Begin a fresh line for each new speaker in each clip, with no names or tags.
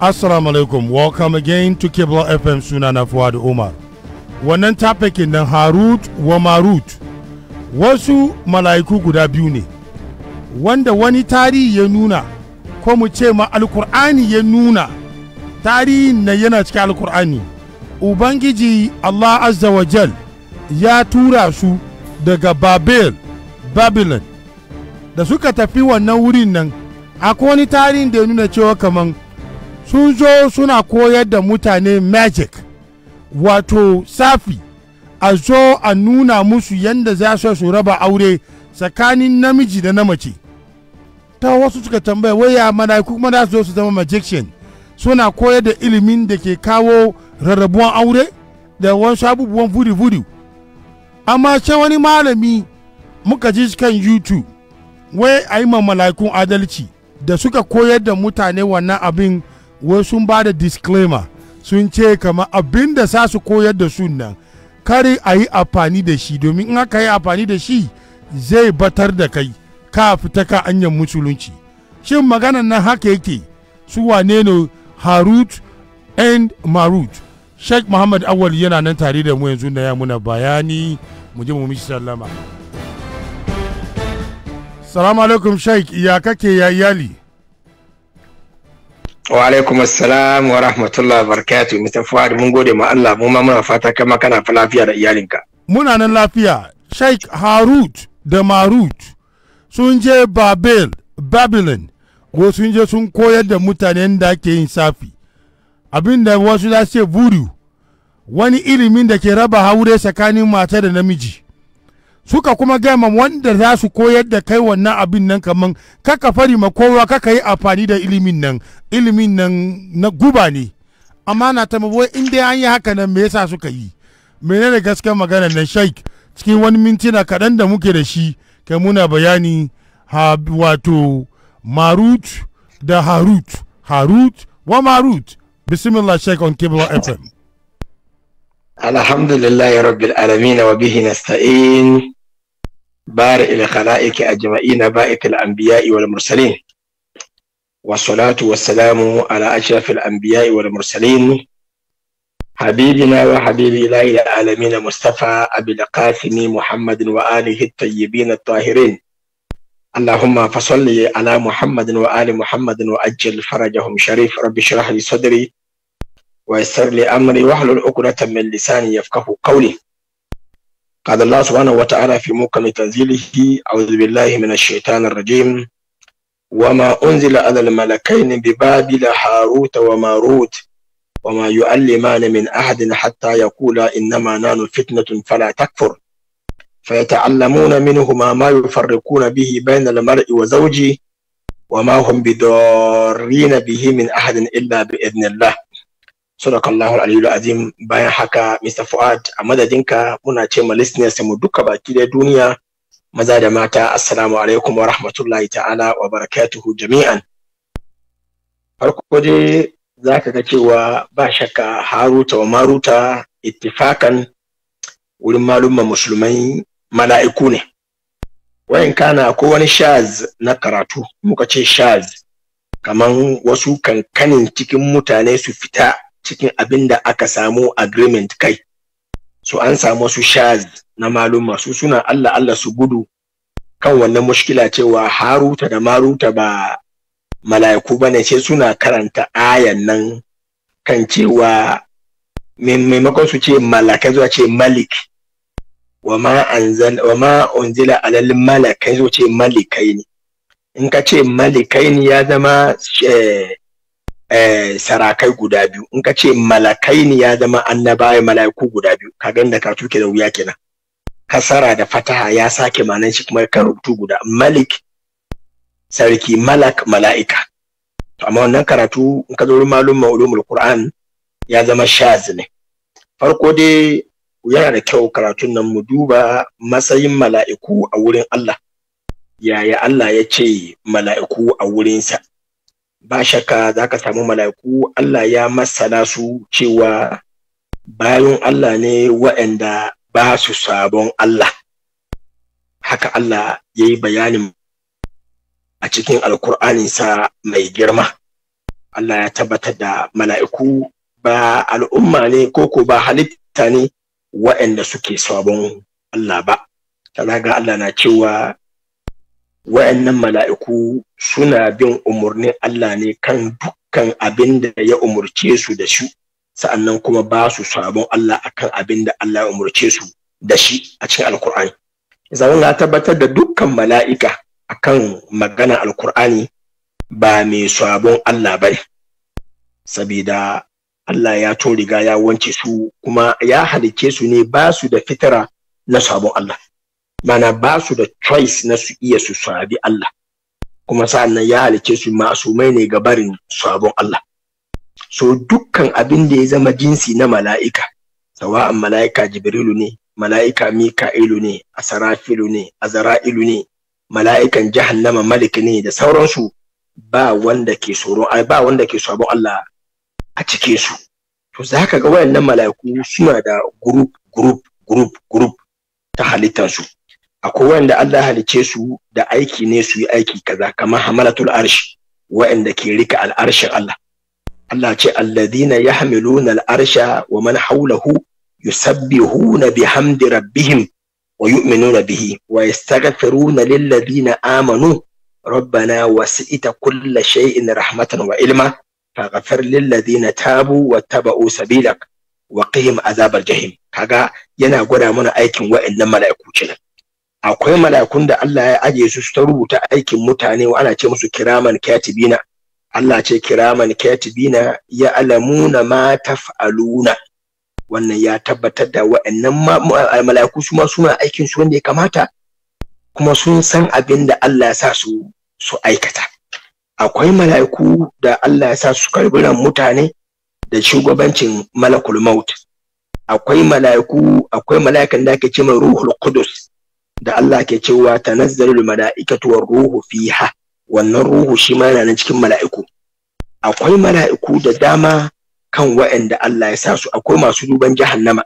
Assalamu alaikum, welcome again to Kibla FM sunana Fuad Umar. Wannan tafakin nan Harut wa Marut wasu mala'iku guda biyu ne, wanda wani tarihi ya nuna, ko mu ce ma alkur'ani ya nuna, tarihin na yana cikin alkur'ani. Ubangiji Allah Azza wa Jal ya tura su daga Babel, Babylon, da suka tafi wannan wurin nan, akwai wani tarihin da ya nuna cewa kamar sun zo suna koyar da mutane magic wato safi a zo a nuna musu yadda za su su raba aure tsakanin namiji da na mace ta wasu suka tambaya waya mana kuma za su zo su zama magician suna koyar da ilimin da ke kawo rarrabuwan aure da wasu abubuwan vuri-vuri amma sai wani malami muka ji kan youtube wai a yi mala'ikun adalci da suka koyar da mutane wannan abin wai sun ba da disclaimer sun ce kama abin da sa su koyar da su nan kare a yi amfani da shi domin in aka yi amfani da shi zai batar da kai ka fita ka anyan musulunci shin maganan nan haka yake su wane ne harut and marut sheikh muhammad awal yana nan tare da mu yanzu na ya muna bayani mu je mu mishi sallama salamu alaikum sheikh ya kake ya iyali
wa alaikum assalam wa rahmatullah barakatuh mr fuad mun gode ma Allah mu ma muna fata kama kana fa lafiya da iyalinka
muna nan lafiya sheikh harut da marut sun je babel babylon ko sun je sun koyar da mutanen da ake yin safi abinda wasu za su ce wani ilimin da ke raba haure tsakanin mata da namiji suka kuma gama wanda za su koyar da kai wannan abin nan kaman kaka fari ma kowa kaka yi amfani da ilimin nan ilimin nan na guba ne amma na ta mabuwa in dai an yi haka nan me yasa suka yi menene gaskiyar magana nan shaik cikin wani mintina kaɗan da muke da shi kai muna bayani ha wato marut da harut harut wa marut bismillah shaik on cable fm
الحمد لله رب العالمين وبه نستعين بارئ لخلائك أجمعين بائت الأنبياء والمرسلين والصلاة والسلام على أشرف الأنبياء والمرسلين حبيبنا وحبيب إله العالمين مصطفى أبي القاسم محمد وآله الطيبين الطاهرين اللهم فصل على محمد وآل محمد وأجل فرجهم شريف رب اشرح لي صدري ويسر لي أمري واحلل عقدة من لساني يفقه قولي قال الله سبحانه وتعالى في موقع تنزيله أعوذ بالله من الشيطان الرجيم وما أنزل على الملكين ببابل هاروت وماروت وما يعلمان من أحد حتى يقولا إنما نان فتنة فلا تكفر فيتعلمون منهما ما يفرقون به بين المرء وزوجه وما هم بضارين به من أحد إلا بإذن الله Sadakallahu Aliyu Azim bayan haka Mr. Fuad a madadinka muna ce ma listeners mu duka baki da duniya maza da mata assalamu alaikum wa rahmatullahi ta'ala wa barakatuhu jami'an. Farko dai za ka ga cewa ba shakka haruta wa maruta ittifakan wurin malumma musulmai mala'iku ne. Wayan kana ko wani shaz na karatu muka ce shaz kaman wasu kankanin cikin mutane su fita cikin abin da aka samu agreement kai so an samu su shaz na maluma su suna Allah Allah su gudu kan wannan mushkila cewa haruta da maruta ba mala'iku bane ce suna karanta ayan nan kan cewa maimakon su ce malakai zuwa ce malik wa ma anzal wa ma unzila alal malakai zuwa ce malikai ne in ka ce malikai ne ya zama eh, eh, sarakai guda biyu in ka ce malakai ne ya zama annabawa mala'iku guda biyu ka ga da karatu ke da wuya kenan kasara da fataha ya sake manan shi kuma kan rubutu guda malik sarki malak mala'ika to amma wannan karatu in ka zo malum ma'ulumul qur'an ya zama shaz ne farko dai yana da kyau karatun nan mu duba matsayin mala'iku a wurin Allah yaya Allah ya ce mala'iku a wurinsa ba shaka za ka samu mala'iku Allah ya masana su cewa bayan Allah ne waɗanda ba su sabon Allah haka Allah ya yi bayanin a cikin sa mai girma Allah ya tabbatar da mala'iku ba al'umma ne ko ko ba halitta ne waɗanda suke sabon Allah ba. ga Allah na cewa wa'annan mala'iku suna bin umarnin Allah ne kan dukkan abin da ya umurce su da shi sa'annan kuma ba su sabon Allah akan abin da Allah ya umurce su da shi a cikin alkur'ani zaun na tabbatar da dukkan mala'ika akan magana alkur'ani ba mai sabon Allah bane saboda Allah ya to riga ya wance su kuma ya halicce su ne ba su da fitara na sabon Allah mana ba su da choice na su iya su sabi Allah kuma sa'annan ya halice su masumai ne ga barin sabon Allah so dukkan abin da ya zama jinsi na mala'ika sawa'an mala'ika jibrilu ne mala'ika mika'ilu ne asarafilu ne azara'ilu ne mala'ikan jahannama malik ne da sauransu ba wanda ke tsoron ba wanda ke sabon Allah a cike su to zaka ga wayannan mala'iku suna da group group group group ta halittar su akwai wanda Allah halice su da aiki ne su yi aiki kaza kamar hamalatul arshi wa'anda ke rika al'arshin Allah Allah ce alladhina yahmiluna al'arsha wa man hawlahu yusabbihuna bihamdi rabbihim wa yu'minuna bihi wa yastaghfiruna lilladhina amanu kulla ربنا rahmatan wa ilma رحمة وعلما فغفر للذين تابوا sabilak سبيلك وقهم عذاب الجحيم kaga yana gwada mana aikin wa'annan mala'iku kenan akwai malakun da Allah ya aje su ta rubuta aikin mutane wa ana ce musu kiraman katibina Allah ce kiraman katibina ya alamuna ma taf'aluna wannan ya tabbatar da wa'annan malaku su ma suna aikin su wanda ya kamata kuma sun san abin da Allah ya sa su su aikata akwai malaku da Allah ya sa su karbi mutane da shugabancin malakul maut akwai malaku akwai mala'ikan da ake ce ruhul qudus da Allah ke cewa tanazzalul mala'ikatu mala'ikatuwar ruhu fiha wannan ruhu shi ma yana cikin mala'iku akwai mala'iku da dama kan wa'anda Allah ya sa su akwai masu duban jahannama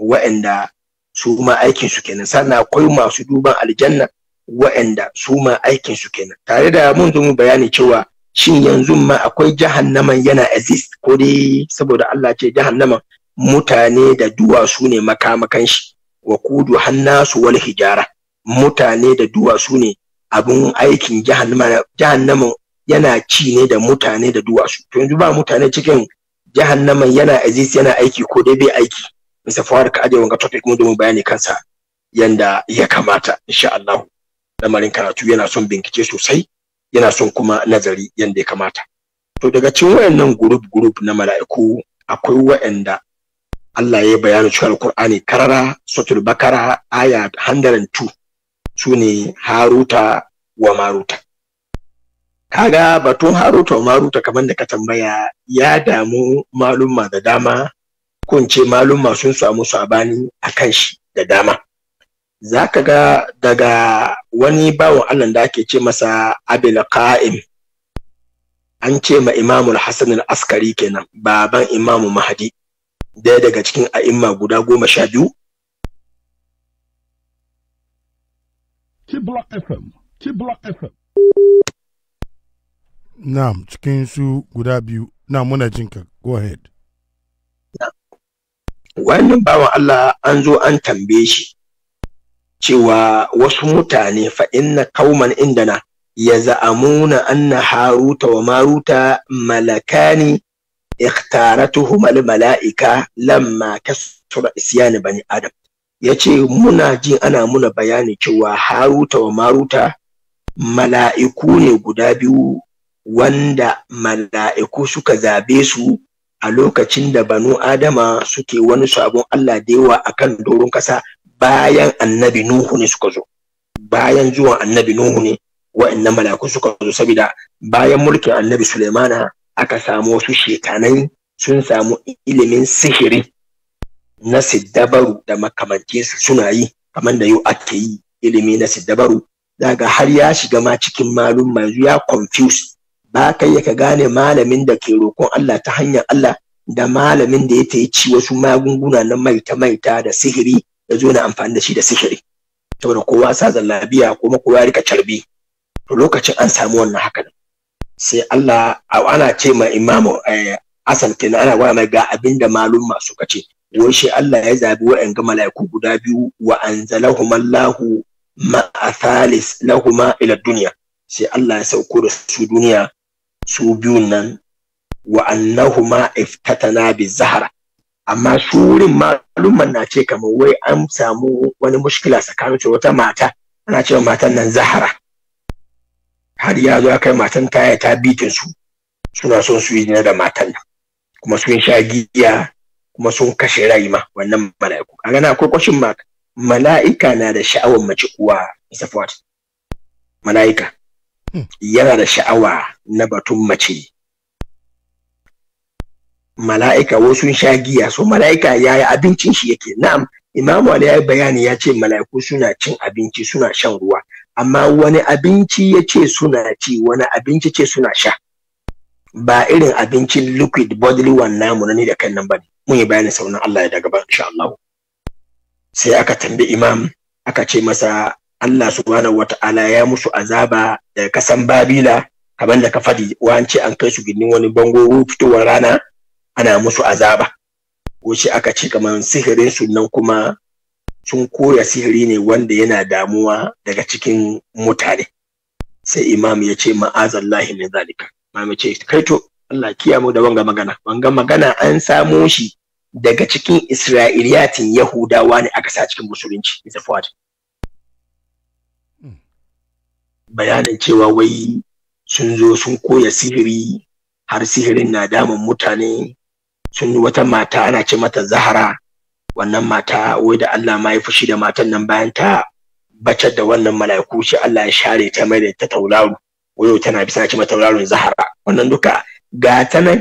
wa'anda su ma aikin su kenan sannan akwai masu duban aljanna wayanda su ma aikin su kenan tare da mun zo bayani cewa shin yanzu ma akwai jahannaman yana exist ko dai saboda Allah ce nama, mutane da duwatsu ne makamakan shi wa kudu hannasu wal hijara mutane da duwatsu ne abin aikin jahannama yana ci ne da mutane da duwatsu to yanzu ba mutane cikin jahannama yana exist yana aiki ko dai bai aiki Mr. Fawar ka ajiye wanga topic mu domin bayani kansa yanda ya kamata insha Allah lamarin karatu yana son bincike sosai yana son kuma nazari yanda ya kamata to daga cikin wayannan group group na mala'iku akwai wayanda Allah ya bayani cikin Al-Qur'ani karara suratul bakara aya 102 sune haruta wa maruta kaga batun haruta wa maruta kamar da ka tambaya ya damu malumma da dama ce malumma sun samu sabani a kan shi da dama za ka ga daga wani bawan Allah da ake ce masa abil qa'im an ce ma imamul hasan al-askari kenan baban imamu Mahdi. daya daga cikin a'imma guda goma sha biyu
Na'am, cikin su guda biyu, na muna jinka, go ahead.
Wannan bawan Allah an zo an tambaye shi cewa wasu mutane fainna na kauman indana ya za'amuna anna haruta wa maruta malakani ikhtaratuhum mala'ika lamma kasura isyani bani adam yace muna ji ana muna bayani cewa haruta wa maruta mala'iku ne guda biyu wanda mala'iku suka zaɓe su a lokacin da banu adama suke wani sabon Allah da yawa akan doron ƙasa bayan annabi nuhu ne suka zo bayan zuwan annabi nuhu ne wa'annan mala'iku suka zo saboda bayan mulkin annabi sulaimana aka samu wasu shekanai sun samu ilimin sihiri na siddabaru da makamancinsu suna yi kamar da yau ake yi ilimi na siddabaru daga har ya shiga ma cikin malum manzu ya confuse ba kai ya ka gane malamin da ke rokon Allah ta hanyar Allah da malamin da ya ta ci wasu magunguna na maita maita da sihiri da zo na amfani da shi da sihiri saboda kowa sa zallabiya kuma kowa rika carbi to lokacin an samu wannan haka sai Allah ana ce ma imamu eh, asal kenan ana gwada mai ga da malum masu kace wai shi Allah ya zabi wa'in ga mala'iku guda biyu wa anzalahum Allahu ma'a thalis lahuma ila duniya. sai Allah ya sauko da su duniya su biyun nan wa annahuma iftatana bi zahara amma surin malumman na ce kamar wai an samu wani mushkila tsakanin wata mata ana ce wa matan nan zahara har ya zo kai matan taya ta bitin su suna son su yi na da matan kuma sun sha giya kuma sun kashe ma wannan mala'iku a gana akwai kwashin ma mala'ika na da sha'awar mace uwa isafat mala'ika hmm. yana da sha'awa na batun mace mala'ika wasu sha giya so mala'ika yaya abincin shi yake na'am imamu ali ya bayani ya ce mala'iku suna cin abinci suna shan ruwa amma wani abinci ya ce suna ci wani abinci ce suna sha ba irin abincin liquid bodily namu na ni da kan nan ba ne mun yi bayanin saunan Allah ya daga ba insha Allah sai aka tambi imam aka ce masa Allah subhanahu wata'ala ya musu azaba da kasan Babila kamar da ka fadi wance an kai su ginin wani bango fitowar rana ana musu azaba ko shi aka ce kamar sihirin su nan kuma sun koya sihiri ne wanda yana damuwa daga cikin mutane sai imam ya ce ma'azallahi min zalika imam ya ce kai to Allah kiyamu da wanga magana wanga magana an samo shi daga cikin isra'iliyatin yahudawa ne aka sa cikin musulunci isa fuad hmm. bayanin cewa wai sun zo sun koya sihiri har sihirin na damun mutane sun wata mata ana ce mata zahara wannan mata wai da Allah ma ya fushi da matan nan bayan ta bacar da wannan mala'iku shi Allah ya share ta mai da ta tauraro wayo tana bisa ci tauraron zahara wannan duka ga ta na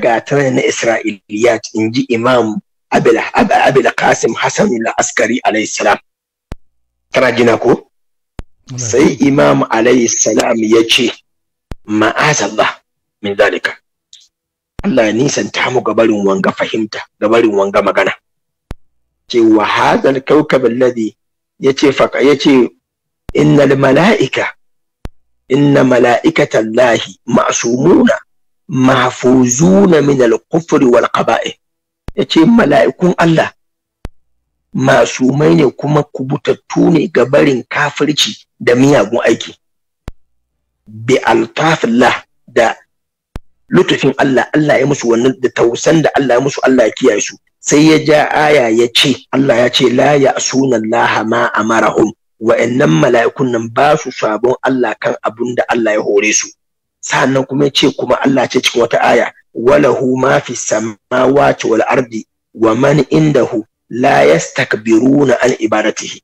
isra'iliyat in ji imam abil qasim hasan al-askari alayhi salam tana jina ko sai imam alayhi salam ya ce ma'azallah min zalika Allah ya nisanta mu barin wanga fahimta ga barin wanga magana ce wa hadal kaukab alladhi yace faka yace innal malaika inna malaikata allahi ma'sumuna mahfuzuna min al-kufr wal qaba'i yace mala'ikun Allah masumai ne kuma kubutattu ne ga barin kafirci da miyagun aiki bi altafillah da lutufin Allah Allah ya musu wannan da tausan da Allah ya musu Allah ya kiyaye su sai ya ja aya ya ce Allah ya ce la ya sunallaha ma amarahum wa'annan mala'ikun nan ba su sabon Allah kan abun da Allah ya hore su sannan kuma ya ce kuma Allah ce cikin wata aya walahu ma fi samawati wal ardi wa man indahu la yastakbiruna an ibadatihi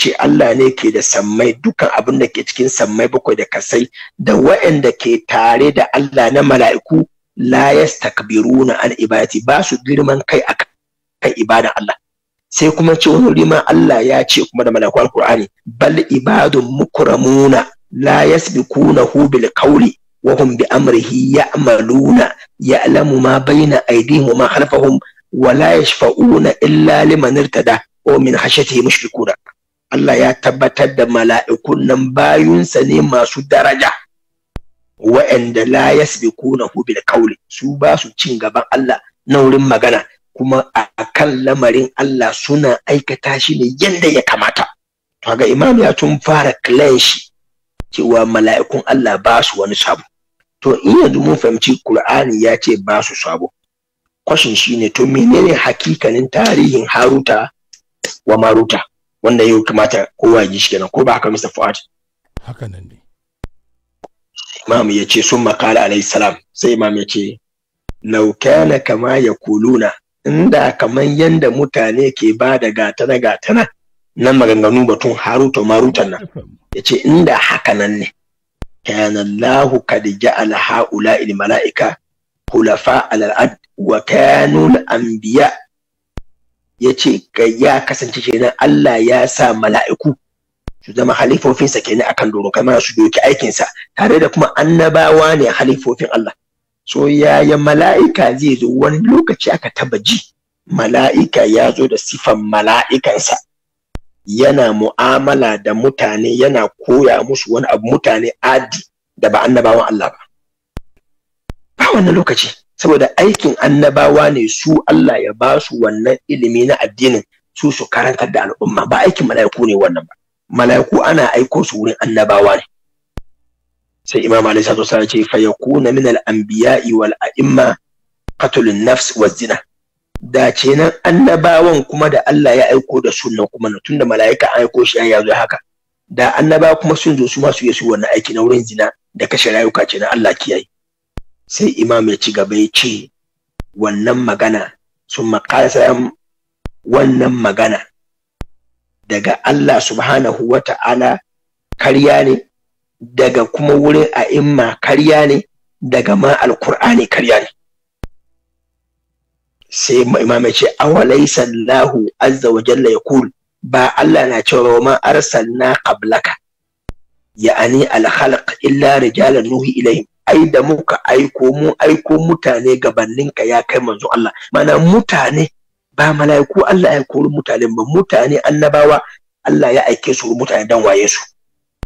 ce Allah ne ke da sammai dukan abin da ke cikin sammai bakwai da kasai da wa'anda ke tare da Allah na mala'iku la yastakbiruna an ibadati ba su girman kai akan akan ibadan Allah sai kuma ce wani wuri Allah ya ce kuma da malaku kurani bal ibadun mukramuna la hu bil qawli wa hum bi amrihi ya'maluna ya'lamu ma baina aydihim wa ma khalfahum wa la yashfa'una illa liman irtada wa min hashatihi mushrikuna Allah ya tabbatar da mala'ikun nan bayunsa ne masu daraja wa'anda la hu bil qawli su ba su cin gaban Allah na wurin magana kuma a kan lamarin Allah suna aikata shi ne yadda ya kamata to ga imam ya tun fara kilan shi cewa mala'ikun Allah ba su wani sabo to in yanzu mun fahimci Qur'ani ya ce ba su sabo kwashin shi ne to menene hakikanin tarihin Haruta wa Maruta wanda yau kamata kowa ya shi kenan ko ba haka Mr. Fuad haka nan ne imam ya ce sun makala alayhi salam sai imam ya ce law kana kama yaquluna inda kamar yadda mutane ke ba da gatana gatana na maganganu batun haruta marutan nan ya ce inda haka nan ne kana Allahu kad ja'ala haula il khulafa al ad wa kanu al anbiya yace ya kasance kenan Allah ya sa mala'iku su zama halifofinsa kenan akan doro kai ma su doki aikinsa tare da kuma annabawa ne halifofin Allah so yaya mala'ika zai zo wani lokaci aka taba ji mala'ika ya zo da sifan mala'ikansa yana mu'amala da mutane yana koya musu wani abu mutane adi da ba annabawan Allah ba ba wannan lokaci saboda aikin annabawa ne su Allah ya ba su wannan ilimi na addinin su su karantar da al'umma ba aikin mala'iku ne wannan ba mala'iku ana aiko su wurin annabawa ne sai imam alaihi salatu wasallam ce fa yakuna min al anbiya'i wal a'imma an nafs wa zina da ce nan annabawan kuma da Allah ya aiko da sunna kuma na tunda mala'ika an aiko shi ya yazo haka da annaba kuma sun zo su masu su yi wannan aiki na wurin zina da kashe rayuka ce na Allah kiyaye sai imam ya ci gaba ya ce wannan magana sun maqasam wannan magana daga Allah subhanahu wa ta'ala karya ne daga kuma wurin a'imma karya ne daga ma alkur'ani karya ne sai ma ya ce awalai sallahu azza wa jalla ya kul ba Allah na cewa ma arsalna qablaka ya'ani alhalq illa rijalan nuhi ilayhim ai da muka aiko mu aiko mutane gabaninka ya kai manzo Allah mana mutane ba mala'iku Allah ya kori mutane ba mutane annabawa Allah ya aike su mutane dan waye su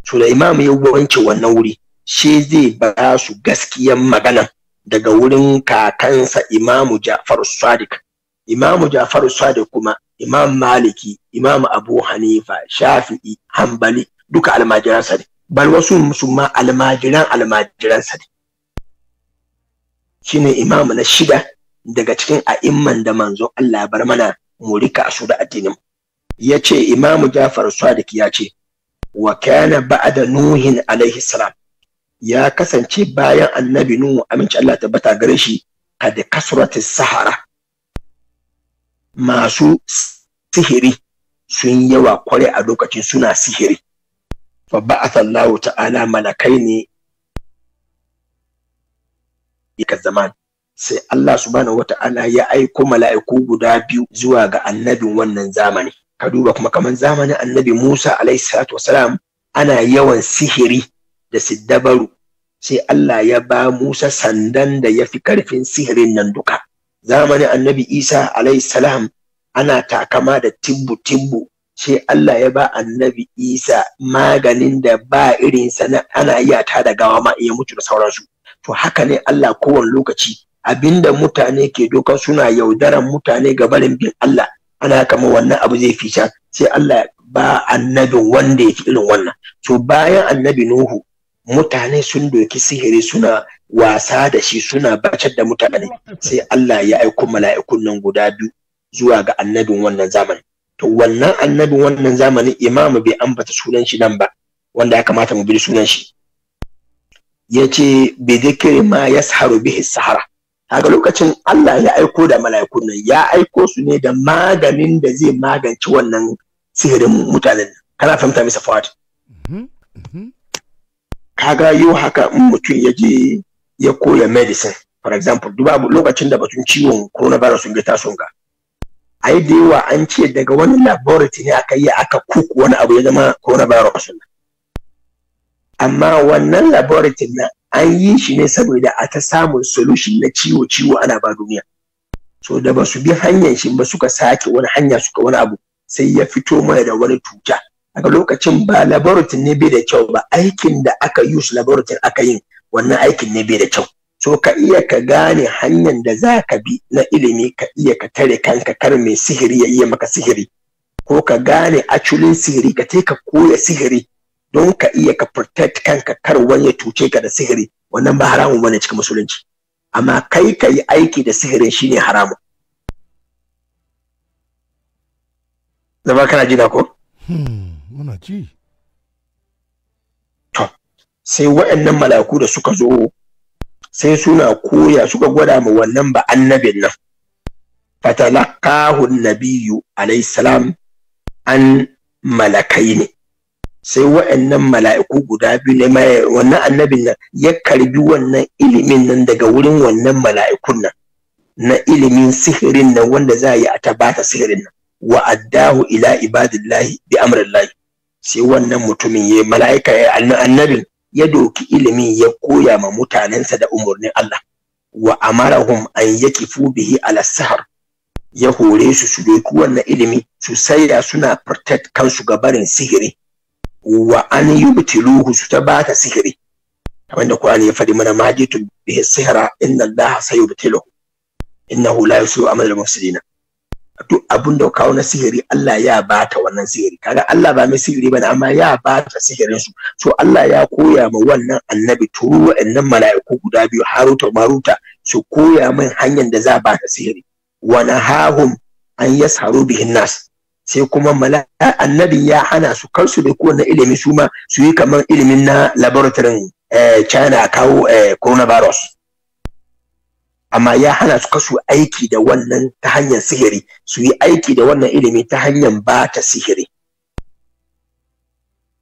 so da imam ya wanke wannan wuri shi zai ba su gaskiyan magana daga wurin kakansa imamu Ja'far Sadiq imamu Ja'far Sadiq kuma imam Maliki imam Abu Hanifa Shafi'i Hanbali duka almajiransa ne bal wasu musulman almajiran almajiransa ne shine imam na shida daga cikin a'imman da manzon Allah ya bar mana mu rika su da addinin yace imamu Ja'far Sadiq ya ce wa kana ba'da nuhin alaihi salam ya kasance bayan annabi nuhu aminci Allah tabbata gare shi kad kasratis sahara masu sihiri sun yawa kware a lokacin suna sihiri fa ba'atha Allah ta'ala malakaini ika zaman sai Allah subhanahu wata'ala ya aiko mala'iku guda biyu zuwa ga annabin wannan zamani ka duba kuma kamar zamanin annabi Musa alaihi salatu wasalam ana yawan sihiri da siddabaru sai Allah ya ba Musa sandan da ya fi karfin sihirin nan duka zamanin annabi Isa alaihi salam ana takama da tibbu tibbu sai Allah ya ba annabi Isa maganin da ba irin sana ana iya ta da gawa ma iya mutu da sauransu to haka ne Allah kowane lokaci abinda mutane ke doka suna yaudaran mutane ga barin bin Allah ana kama wannan abu zai fita sai Allah ba annabin wanda ya irin wannan to bayan annabi nuhu mutane sun doki sihiri suna wasa da shi suna bacar da mutane sai Allah ya aiko mala'ikun nan guda biyu zuwa ga annabin wannan zamani to wannan annabin wannan zamani imamu bai ambata sunan shi nan ba wanda ya kamata mu bi sunan shi yace bi dhikri ma yasharu bihi sahara kaga lokacin Allah ya aiko da mala'ikun nan ya aiko su ne da maganin da zai magance wannan sihirin mutanen kana fahimta misa fawad mm-hmm, mm-hmm. kaga yau haka in mutum ya je ya koya medicine for example duba lokacin da batun ciwon coronavirus sun ga taso ga ai da yawa an ce daga wani laboratory ne aka yi aka kuku wani abu ya zama coronavirus amma wannan laboratory na an yi shi ne saboda a ta samun solution na ciwo-ciwo ana ba duniya so da ba su bi hanyar shi ba suka sake wani hanya suka wani abu sai ya fito mana da wani tuta daga lokacin ba laboratory ne bai da kyau ba aikin da aka use laboratory aka yi, wannan aikin ne bai da kyau so ka iya ka gane hanyar da za ka bi na ilimi ka iya ka tare kanka kar mai sihiri ya yi maka sihiri ko ka gane actually sihiri ka ka koya sihiri don ka iya ka protect kanka kar wani ya cuce ka da sihiri wannan ba haramun bane cikin musulunci amma kai ka yi aiki da sihirin shine haramun zama kana ji da ko
hmm, muna
ji to sai waɗannan malaku da suka zo sai suna koya suka gwada ma wannan ba annabin nan an nabiyyu alayhi salam an malakai ne sai wa'annan mala'iku guda biyu ne wannan annabin nan ya karbi wannan ilimin nan daga wurin wannan mala'ikun nan na ilimin sihirin nan wanda za a yi a tabata sihirin nan wa addahu ila ibadillahi bi amrillahi sai wannan mutumin ya mala'ika ya annabin ya doki ilimin ya koya ma mutanensa da umarnin Allah wa amarahum an yakifu bihi ala sahar ya hore su su doki wannan ilimi su saya suna protect kansu ga barin sihiri wa an yubtiluhu su ta ta sihiri kamar da Qur'ani ya faɗi mana majitu bihi sihra inna Allah hula innahu la yusiru amal al-mufsidina duk abin da kawo na sihiri Allah ya bata wannan sihiri kaga Allah ba mai sihiri bane amma ya bata sihirin su so Allah ya koya ma wannan annabi turu wa'annan mala'iku guda biyu Haruta Maruta su koya min hanyar da za ba ta sihiri wa nahahum an yasharu bihin nas sai kuma mala annabin ya hana su kar su da kowane ilimi su ma su yi kamar ilimin na laboratorin eh, china a kawo eh, coronavirus amma ya hana su kasu aiki da wannan ta hanyar sihiri su yi aiki da wannan ilimi ta hanyar ba ta sihiri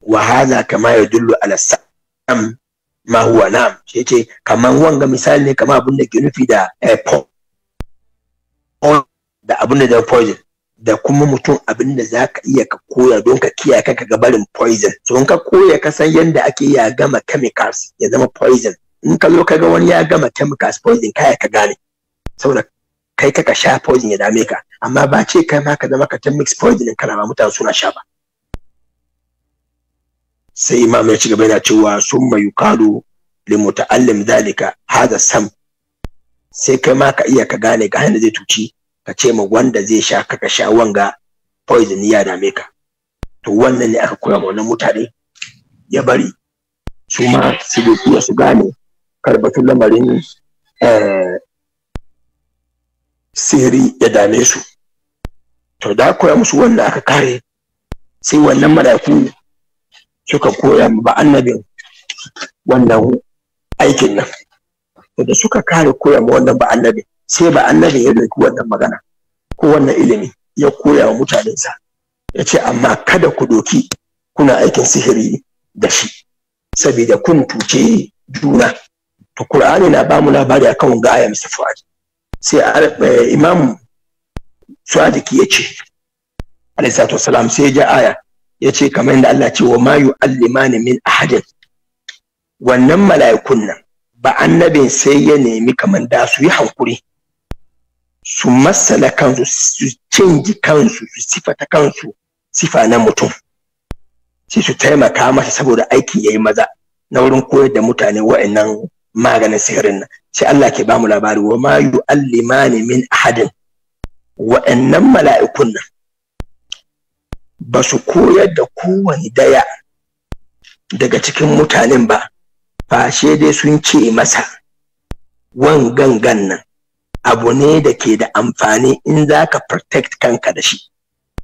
wahala kama ya dullu ala sa'am ma huwa na'am shi ce kamar wanga misali ne kamar abin da ke nufi da eh, da abin da poison da kuma mutum abin da za ka iya ka koya don ka kiyaye ka ga barin poison so in ka koya ka san yadda ake ya gama chemicals ya zama poison in ka zo ga wani ya gama chemicals poison kaya ka gane saboda kai kaka sha poison ya dame ka amma ba ce kai ma ka zama ka ta mix poison kana ba mutane suna sha ba sai imam ya ci gaba yana cewa summa yuqalu limuta'allim zalika hadha sam sai kai ma ka iya ka gane ga hanyar zai tuci ka ce ma wanda zai sha ka sha wanga poison ya dame ka to wannan ne aka koya ma wannan mutane ya bari su ma su kuwa su gane karbatun lamarin eh, sirri ya dame su to da koya musu wannan aka kare sai wannan mala'iku suka koya ba annabin wannan aikin nan da suka kare koya ma wannan ba annabin sai ba annabi ya ɗauki wannan magana ko wannan ilimi ya koya wa mutanensa ya ce amma kada ku doki kuna aikin sihiri da shi saboda kun tuce juna to qur'ani na ba mu labari akan ga aya mr sai eh, imam sadiki ya ce alayhi salatu wasalam sai ya ji aya ya kamar yadda Allah ce wa ma yu'allimani min ahadin wannan mala'ikun nan ba annabin sai ya nemi kamar da su yi hankuri su masala kansu su canji kansu su sifata kansu sifa na mutum sai su taimaka masa saboda aiki ya yi maza na wurin koyar da mutane wa'annan maganin sihirin nan sai Allah ke bamu labari wa ma allimani min ahadin wa'annan mala'ikun nan ba su koyar da kowane daya daga cikin mutanen ba fashe dai sun ce masa Wan gangan nan abu ne da ke da amfani in za ka protect kanka da shi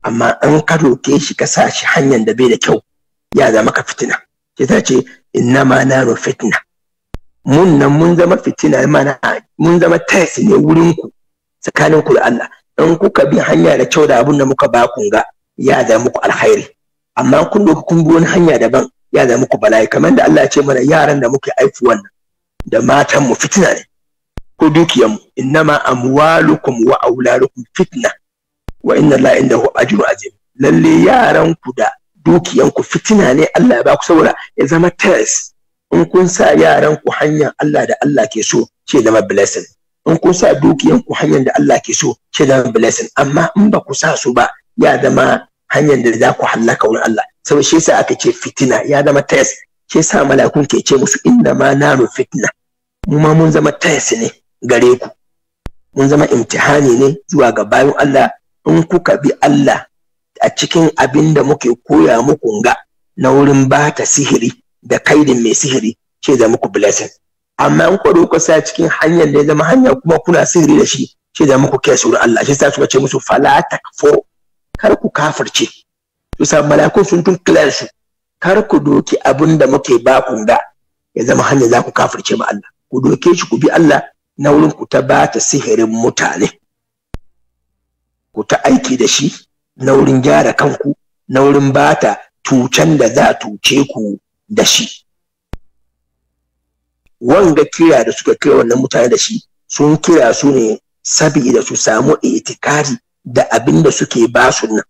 amma an ka roke shi ka sa shi hanyar da bai da kyau ya zama ka fitina sai ta ce inna ma na fitina mun nan mun zama fitina mana mun zama test ne wurin ku tsakanin ku da Allah in kuka bi hanya da kyau da abun da muka ba ku ga ya zama muku alkhairi amma kun doka kun bi wani hanya daban ya zama muku bala'i kamar da Allah ya ce mana yaran da muke wannan da matan mu fitina ne ko dukiyanmu innama amwalukum wa auladukum fitna wa inna la indahu ajrun azim lalle yaran ku da dukiyan ku fitina ne Allah ya ba ku saboda ya zama test in kun sa yaran ku hanyar Allah da Allah ke so ce zama blessing in kun sa dukiyan ku hanyar da Allah ke so ce zama blessing amma in ba ku sa su ba ya zama hanyar da za ku hallaka wurin Allah saboda shi yasa aka ce fitina ya zama test shi yasa mala'ikun ke ce musu inna ma nanu fitna mu ma mun zama test ne gare ku mun zama imtihani ne zuwa ga bayan Allah in kuka bi Allah a cikin abin da muke koya muku ga na wurin ba ta sihiri da kaidin mai sihiri ce za muku blessing amma in ku kuka sa cikin hanyar da ya zama hanya kuma kuna sihiri da shi ce za muku kai sura Allah shi sa suka ce musu fala takfur kar ku kafirce to sa malakun sun tun su kar ku doki abin da muke ba ku ga ya zama hanya za ku kafirce ma Allah ku doke shi ku bi Allah na wurin ku ta ba ta sihirin mutane ku ta aiki da shi na wurin gyara kanku na wurin ba ta tucen da za tuce ku da shi wanga kira da suka kira wannan mutane da shi sun kira su ne saboda su samu itikari da abin da suke ba su nan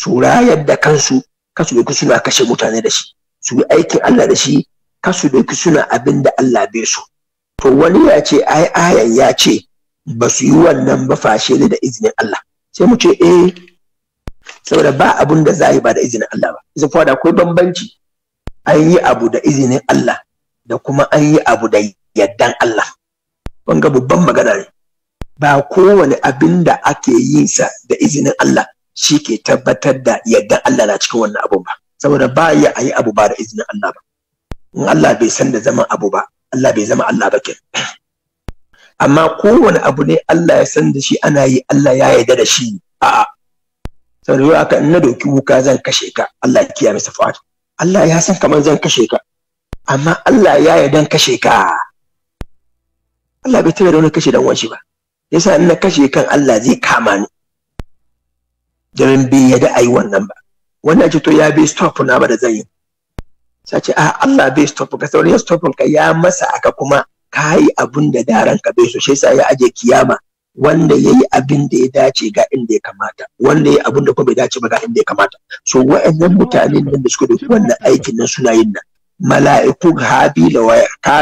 su rayar da kansu kasu doki suna kashe mutane da shi su yi aikin Allah da shi kasu doki suna abin da Allah bai so to wani ya ce ai ayan ya ce ba su yi wannan ba fashe da izinin Allah sai mu ce eh saboda ba abun da za yi ba da izinin Allah ba isa fa akwai bambanci an yi abu da izinin Allah da kuma an yi abu da yaddan Allah wanga babban magana ne ba kowane abin da ake yin sa da izinin Allah shi ke tabbatar da yaddan Allah na cikin wannan abu ba saboda ba ya yi abu ba da izinin Allah ba in Allah bai san da zaman abu ba Allah bai zama Allah ba kin amma kowane abu ne Allah ya san da shi ana yi Allah ya yarda da shi a'a saboda yau aka in na doki wuka zan kashe ka Allah ya kiyaye masa fa'ad Allah ya san kamar zan kashe ka amma Allah ya yarda kashe ka Allah bai taba da wani kashe dan wanshi ba yasa in na kashe kan Allah zai kama ni domin bai yarda ayi wannan ba wannan ce to ya bi stop na ba da zan yi sai ce a ah, Allah bai stop ka sauran ya ka ya masa aka kuma kai abun da daren ka bai so shi yasa ya aje kiyama wanda yayi abin da ya dace ga inda ya kamata wanda yayi abin da kuma bai dace ba ga inda ya kamata so wa'annan mutanen nan da suka da wannan aikin nan suna yin nan mala'iku habila wa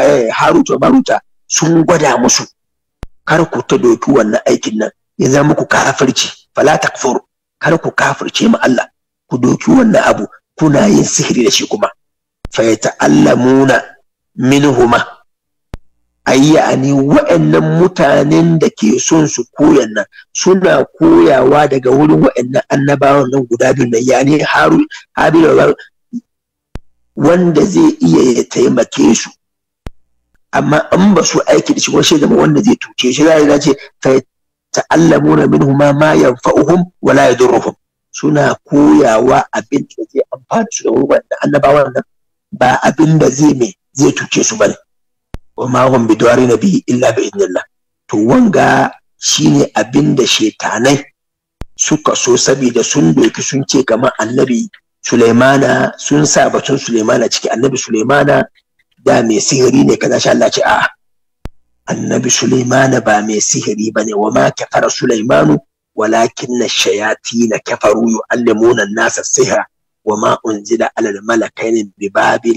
eh, haruta baruta sun gwada musu kar ku ta doki wannan aikin nan ya zama muku kafirci fala takfur kar ku kafirce ma Allah ku doki wannan abu kuna yin sihiri da shi kuma fa yata'allamuna minhuma ai ya'ani wa'annan mutanen da ke son su koyan nan suna koyawa daga wurin wa'annan annabawan nan guda biyu nan yani harun habila wanda zai iya ya taimake su amma an ba su aiki da shi wani zama wanda zai tuke shi za a ce Allah ta'allamuna minhu ma ma yanfa'uhum wala la yadurruhum suna koyawa abin da zai amfani su da wannan annabawan nan ba abin da zai me zai tuce su bane wa ma hum na nabi illa bi idnillah to wanga shine abin da shaitanai suka so saboda sun doki sun ce kamar annabi Sulaimana sun sa batun Sulaimana ciki annabi Sulaimana da mai sihiri ne kaza sha Allah ce a annabi Sulaimana ba mai sihiri bane wa ma kafara Sulaimanu walakin na shayatina kafaru yu'allimuna an-nasa sihra Wama, ma unzila alal malakaini bi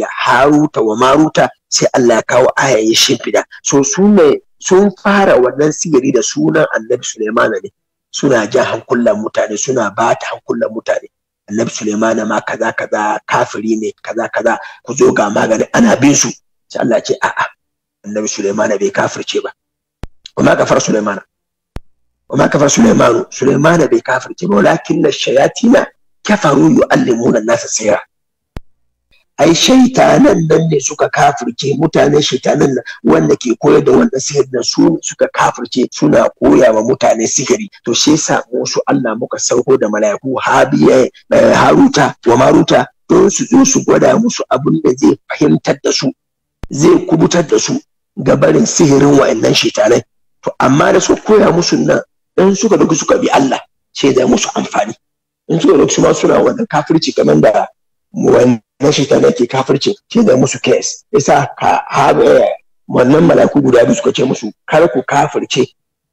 haruta wa maruta sai Allah ya kawo aya ya shimfida so su ne sun fara wannan sigiri da sunan annabi Sulaiman ne suna jan hankulan mutane suna bata hankulan mutane annabi Sulaiman ma kaza kaza kafiri ne kaza kaza ku zo ga magani ana bin su sai Allah ce a'a annabi Sulaiman bai kafirce ba Wama kafar Sulaiman Wama kafar Sulaiman Sulaiman bai kafirce ba walakin na shayatina kafaru yu'allimuna nasa sira ai shaitanan nan ne suka kafirce mutane, shaitanan nan wanda ke koyar da wanda sihiri da su suka kafirce suna koya wa mutane sihiri to shi yasa Allah muka sauko da mala'iku habiya eh, haruta wa maruta don su zo su gwada musu abin da zai fahimtar da su zai kubutar da su ga barin sihirin wa'annan shaitanai to amma da su koya musu nan dan suka duka suka bi Allah sai da musu amfani in suka da su ma suna wannan kafirci kamar da wannan ta nake kafirci shi da musu kes yasa ka eh, wannan malaku guda biyu suka ce musu kar ku kafirce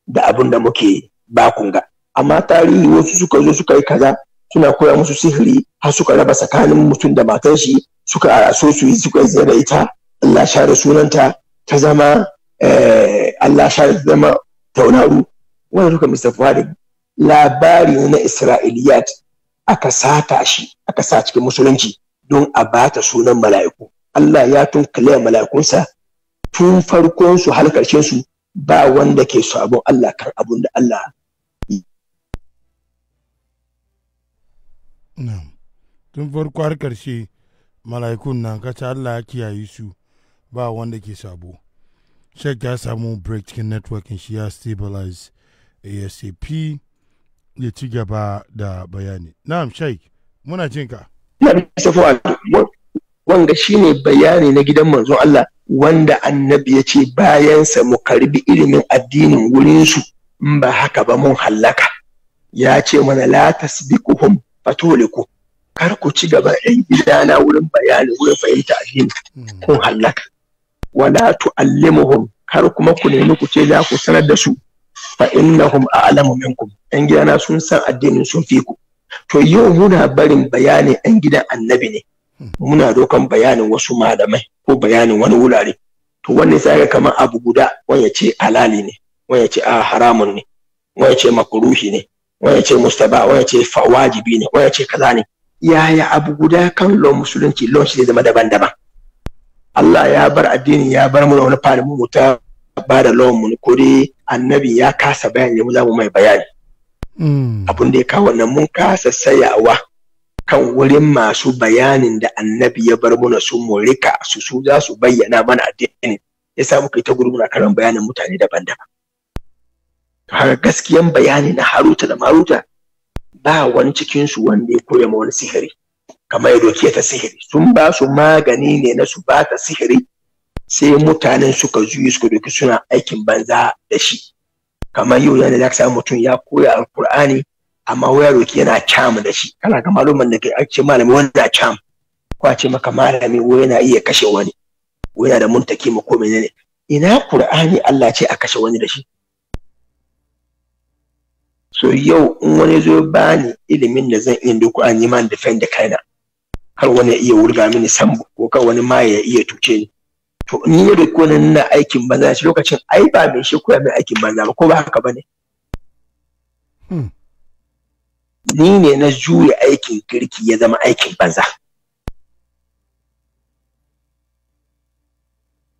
da abin da muke kun ga amma tarihi wasu suka zo suka yi kaza suna koya musu sihiri har suka raba tsakanin mutum da matan shi suka so su yi suka zira ita Allah share sunanta ta zama eh, Allah share zama taunaru wannan suka Mr. da labari na Isra'iliyat aka sata shi aka sa cikin musulunci don a bata sunan mala'iku Allah ya tunkule mala'ikunsa tun farkon su har karshe su ba wanda ke sabon Allah kan abun da Allah
tun farko har karshe mala'ikun nan kaca Allah ya kiyaye su ba wanda ke sabo shek ya samu break cikin networking shi ya stabilize asap ya ci gaba da bayani na'am muna jin
ka ina wanga shine bayani na gidan manzon Allah wanda annabi ya ce bayansa mu karbi ilimin addinin wurinsu in ba haka ba mun hallaka ya ce mana la tasbiquhum fatuliku kar ku ci gaba ɗan gidana wurin bayani wurin fahimta addini kun hallaka wala tu'allimuhum kar kuma ku nemi ku ce za ku sanar da su fa innahum a'lamu minkum yan gidana sun san addinin sun fi ku to yau muna barin bayanin yan gidan annabi ne muna dokan bayanin wasu malamai ko bayanin wani wurare to wannan sai ga kamar abu guda wani ce alali ne wani ce a ah, haramun ne wani ce makruhi ne wani ce mustaba wani ce fawajibi ne wani ce kaza ne yaya abu guda kan lo musulunci lo shi zama daban-daban Allah ya bar addini ya bar mu da wani fani mu ta ba da lon mu ko annabi ya kasa bayani mu za mu mai bayani mm. abin da ya kawo nan mun kasa sayawa kan wurin masu bayanin da annabi ya bar muna su morika su su za su bayyana mana addini ya sa muka ta gurguna karan bayanin mutane daban-daban har gaskiyan bayani na haruta da maruta ba wani cikin wanda ya koya ma wani sihiri kamar ya doke ta sihiri sun ba su magani ne na su ba ta sihiri sai mutanen suka juyi suka doki suna aikin banza da shi kamar yau yana da samu mutum ya koya alkur'ani amma waya roki yana cam da shi kana ga malumin da kai ce malami wanda cam ko a ce maka malami wai yana iya kashe wani wai yana da muntaki ma ko menene ina qur'ani Allah ce a kashe wani da shi so yau in wani zo bani ilimin da zan iya duk an yi man defend da kaina har wani ya iya wurga mini sambo ko kan wani ma ya iya tuce ni to ni ne da kone na aikin banza shi lokacin ai ba mai shi koya mai aikin banza ba ko ba haka bane hmm. ni ne na juya aikin kirki ya zama aikin banza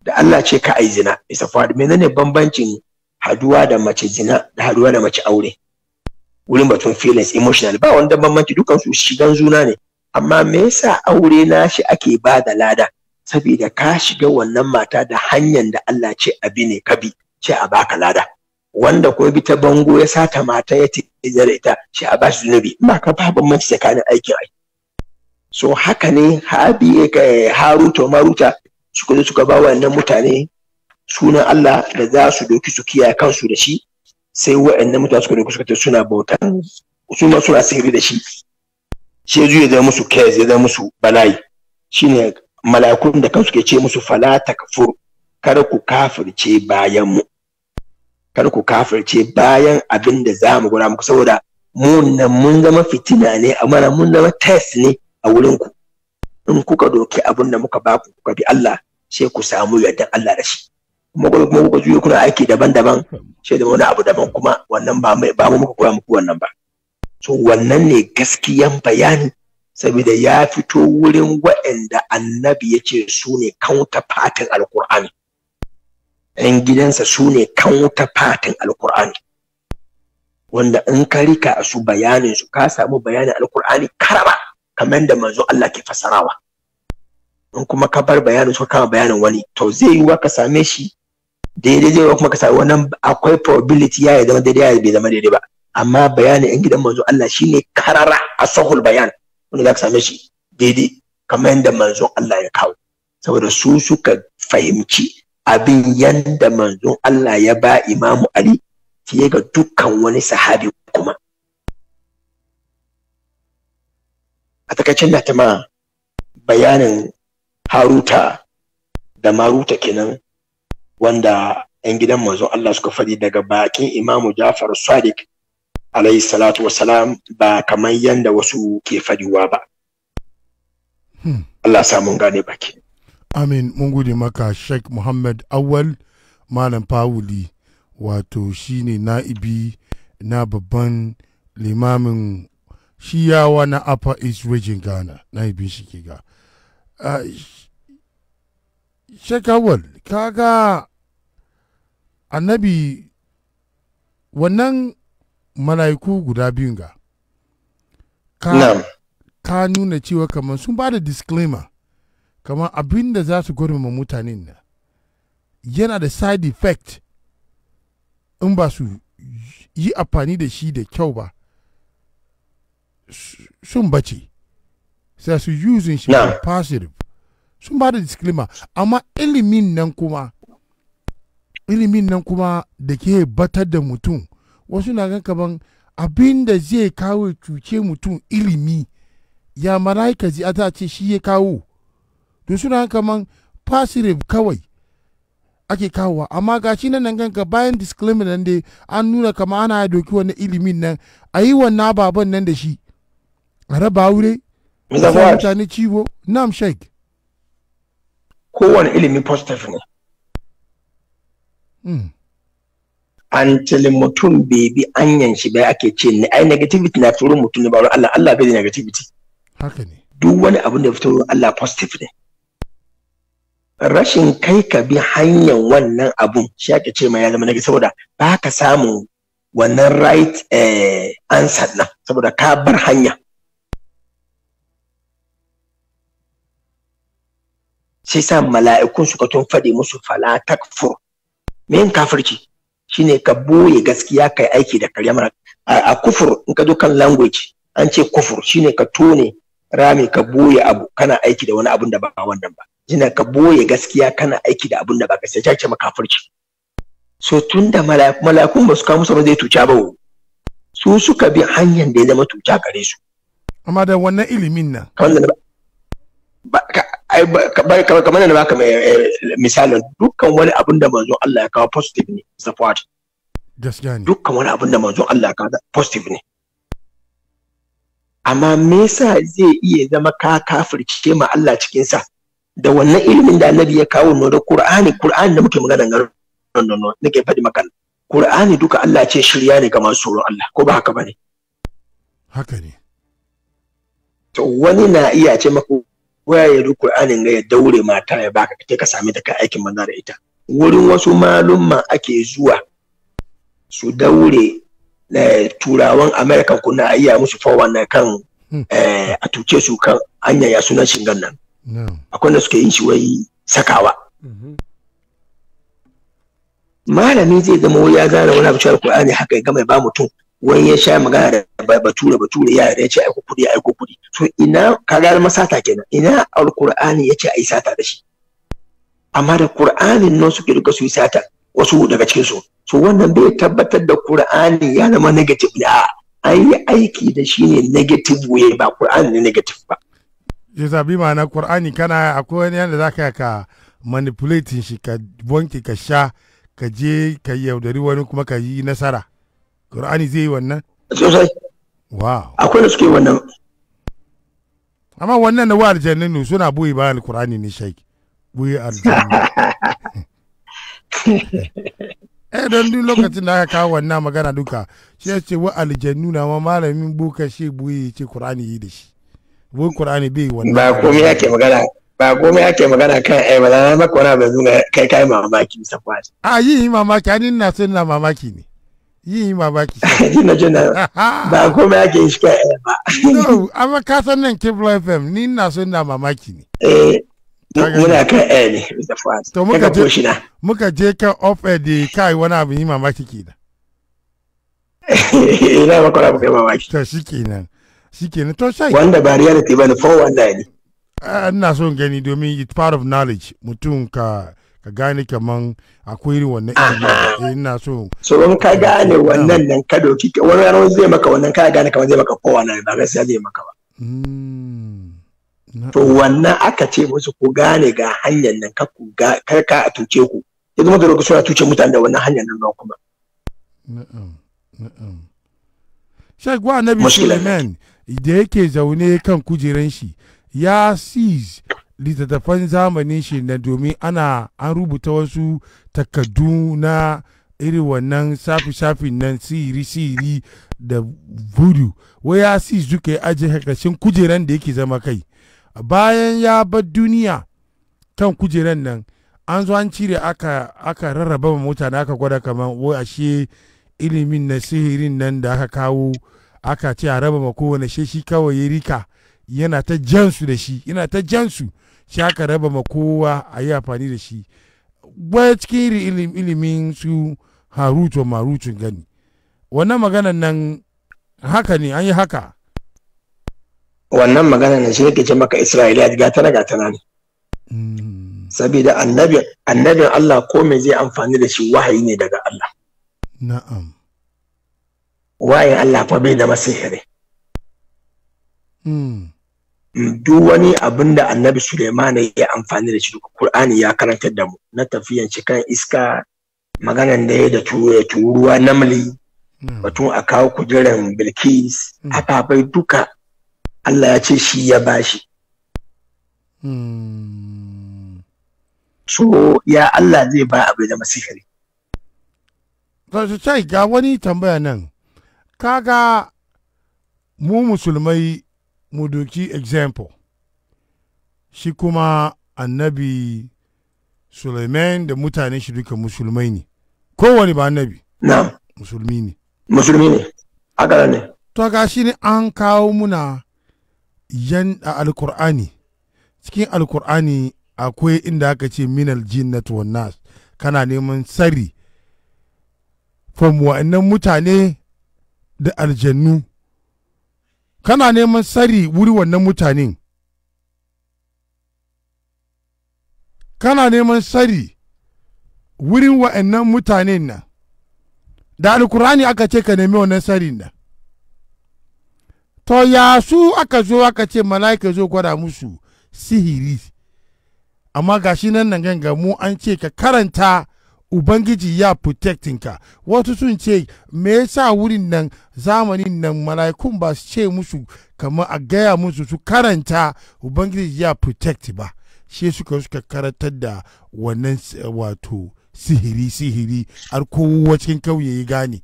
da Allah ce ka ai zina isa fadi menene bambancin haduwa da mace zina da haduwa da mace aure wurin batun feelings emotional ba wanda bambanci dukan su shigan zuna ne amma me yasa aure na shi ake ba da lada saboda ka shiga wannan mata da hanyar da Allah ce abi ne ka bi ce a baka lada wanda ko bi ta bango ya sata mata ya da ita ce a bashi zunubi ba ka ba mace tsakanin aikin ai so haka ne habi haruta maruta suka zo suka ba wannan mutane sunan Allah da za su doki su kiyaye kansu da shi sai wa'annan mutane suka doki suka suna bautan su ma suna sirri da shi shi ya zama musu kes ya zama musu bala'i shine mala'ikun da kansu ke ce musu fala takfur kar ku kafirce bayan mu kar ku kafirce bayan abin da za mu gura muku saboda mun nan mun zama fitina ne amma na mun zama test ne a wurin ku in kuka doki abin da muka baku kuka bi Allah sai ku samu yardan Allah da shi kuma kuma kuka juyo kuna aiki daban-daban sai da wani abu daban kuma wannan ba mu ba mu muka koya muku wannan ba so wannan ne gaskiyan bayani saboda ya fito wurin waɗanda annabi ya ce su ne counterpartin alkur'ani ‘yan gidansa su ne counterpartin alkur'ani wanda in ka rika su bayanin su ka samu bayanin alkur'ani karama kamar da manzo Allah ke fasarawa in kuma ka bar bayanin su kama bayanin wani to zai yiwuwa ka same shi daidai zai yiwuwa kuma ka same wannan akwai probability ya zama daidai ya bai zama daidai ba amma bayanin ‘yan gidan manzo Allah shine karara a sahul bayan wanda za ka same shi daidai kamar yadda manzon Allah ya kawo saboda su suka fahimci abin yadda manzon Allah ya ba imamu Ali fiye ga dukkan wani sahabi kuma a takaicin na ta ma bayanin haruta da maruta kenan wanda 'yan gidan manzon Allah suka faɗi daga bakin imamu Jafar Sadiq alaihi salatu wasalam ba kamar yanda wasu ke fadiwa ba hmm. Allah Allah samu gane baki
amin mun gode maka sheikh muhammad awal malam fawuli wato shine na'ibi na babban limamin shiyawa na upper east region ghana naibin shi ke ga ah, Sheikh Awal kaga annabi wannan mala'iku guda biyun ga ka, no. ka nuna cewa kamar sun ba da disclaimer kamar abin da za su gurmama mutanen na yana da side effect in ba su yi amfani da shi da kyau ba sun bace sai su using shi no. positive sun ba da disclaimer amma ilimin nan kuma ilimin nan kuma da ke batar da mutum wasu na gan kaman abin da zai kawo cuce mutum ilimi ya malaika ji ata ce shi ya kawo to suna kaman positive kawai ake kawowa amma ga shi nan ka bayan disclaimer nan dai an nuna kama ana doki wani ilimin nan a yi wannan baban nan da shi a raba wure mutane
ciwo nam sheik kowane ilimi positive ne hmm. until mutum bai bi anyan shi bai ake ce ne ai negativity na fito mutum ne ba Allah Allah bai da negativity haka ne duk wani abu da fito Allah positive ne rashin kai ka bi hanyar wannan abun shi ake ce mai ya zama negative saboda ba ka samu wannan right eh, answer na saboda ka bar hanya sai sa mala'ikun suka tun faɗi musu fala takfur me yin kafirci shine ka boye gaskiya kai aiki da mara a kufur in ka zo kan language an ce kufur shine ka tone rami ka boye abu kana aiki da wani abun da ba wannan ba shine ka boye gaskiya kana aiki da abun da ba gaskiya ta ce makafirci so tun da malakun ba su kawo musu zai tuca ba su suka bi hanyar da ya zama tuca gare su
amma da wannan ilimin nan
kamar da baka eh, misalin dukkan wani abin da manzon Allah ya kawo positive ne support dukkan wani abin da manzon Allah ya kawo positive ne amma me yasa zai iya zama ka kafirce ma Allah cikin sa da wannan ilimin da Annabi ya kawo no da Qur'ani Qur'ani da muke magana ga no no nake fadi maka Qur'ani duka Allah ce shirya ne ga masu Allah ko ba haka bane haka ne to wani na iya ce maka waya ya ruku ga ya daure mata ya baka kai ka sami ka aikin maza ita wurin wasu malumma ake zuwa su daure eh, na turawan america kuna a iya musu fawa na kan hmm. eh, a tuce su kan hanya ya sunan shingan nan akwai da suke yin shi wai sakawa mm-hmm. malami zai zama wai ya gane wani abu cewa Qur'ani haka ya gama ba mutum wani ya sha magana da bature bature ya ya ce aiko kuɗi aiko kuɗi to ina kaga masata kenan ina alqur'ani ya ce ai sata da shi amma da qur'anin nan suke rika su yi sata wasu daga cikin su so wannan bai tabbatar da qur'ani ya zama negative da an yi aiki da shi ne negative way ba qur'ani ne negative ba
ya zabi ma'ana qur'ani kana akwai wani yanda za ka manipulating shi ka bonki ka sha ka je ka yaudari wani kuma ka yi nasara Qur'ani zai yi wannan sosai wow akwai da suke wannan amma wannan na wa janninu suna buyi bayan Qur'ani ne shaik. buyi aljanna eh don duk lokacin da aka kawo wannan magana duka shi ya ce wa aljannu na ma malamin buka shi buyi ya ce Qur'ani yi da shi wai Qur'ani
bai wannan ba komai yake magana ba komai ake magana kan ai eh, ba na maka wani abin kai kai mamaki bisa kwari
a yi mamaki ani ina so na mamaki ne yi yi mamaki
na jina ba kuma yake iska ba
no amma ka san nan cable fm ni na so na mamaki ne
eh muna ka air ne to muka je
muka je ka off air da kai wani abu yi mamaki ke da ina ba kwara muka yi mamaki to shikenan shikenan to ke wanda ba reality bane 419 ne eh, ina so gani domin it's part of knowledge mutum ka ka gane kaman akwai irin wannan irin eh, ina
so so in ka gane wannan nan ka doki wani ranar zai maka wannan ka gane kaman zai maka kowa na ba sai zai maka ba hmm. to wannan aka ce musu ku gane ga hanyar nan ka ku ka ka a tuce ku yanzu mun lokaci suna tuce mutane da wannan hanyar nan ba kuma
na'am na'am
shek wa nabi suleiman da yake zaune kan kujeran shi ya seize littattafan zamanin shi na domin ana an rubuta wasu takardu na irin wannan safi-safin nan siri-siri da voodoo wai ya si zuke ya ajiye ƙarshen kujeran da yake zama kai bayan ya bar duniya kan kujeran nan an zo an cire aka, aka rarraba mutane aka gwada kamar wai ashe ilimin na sihirin nan da aka kawo aka ce a raba ma kowane shi shi kawai ya rika yana ta jansu da shi yana ta jansu shi aka raba ma kowa a yi amfani da shi bai cikin ilimin su haruto marucin gani wannan maganan nan haka ne an yi haka
wannan magana nan shi nake ce maka isra'iliya ga tana ga tana ne hmm. saboda annabin Allah ko me zai amfani da shi wahayi ne daga Allah na'am wahayin Allah fa bai da masihiri hmm. duk wani abin da annabi Suleiman ya amfani da shi duka Kur'ani ya karanta da mu na tafiyan shi kan iska maganan da ya da turuwa namli hmm. batun a kawo kujeran Bilkis hmm. bai duka Allah ya ce shi ya bashi hmm. so ya Allah zai ba abu da masihiri
ga wani tambaya nan kaga mu musulmai mu doki example shi kuma annabi Suleiman da mutane shi duka musulmai ne wani ba annabi na musulmi ne musulmi ne haka ne to ga shi ne an kawo muna yan alkur'ani cikin alkur'ani akwai inda aka ce minal jinnat wan nas kana neman sari from wa'annan mutane da aljannu kana neman sari wuri wannan mutanen kana neman sari wurin wa'annan mutanen nan da alkurani aka ce ka nemi wannan sari na to ya su aka zo aka ce mala'ika zo gwada musu sihiri amma gashi nan nan ganga mu an ce ka karanta ubangiji ya ka wasu sun ce me yasa wurin nan zamanin nan mala'ikun ba su ce musu kamar a gaya musu su karanta ubangiji ya protect ba shi suka suka karantar da wannan wato sihiri sihiri har kowa cikin kauye ya gane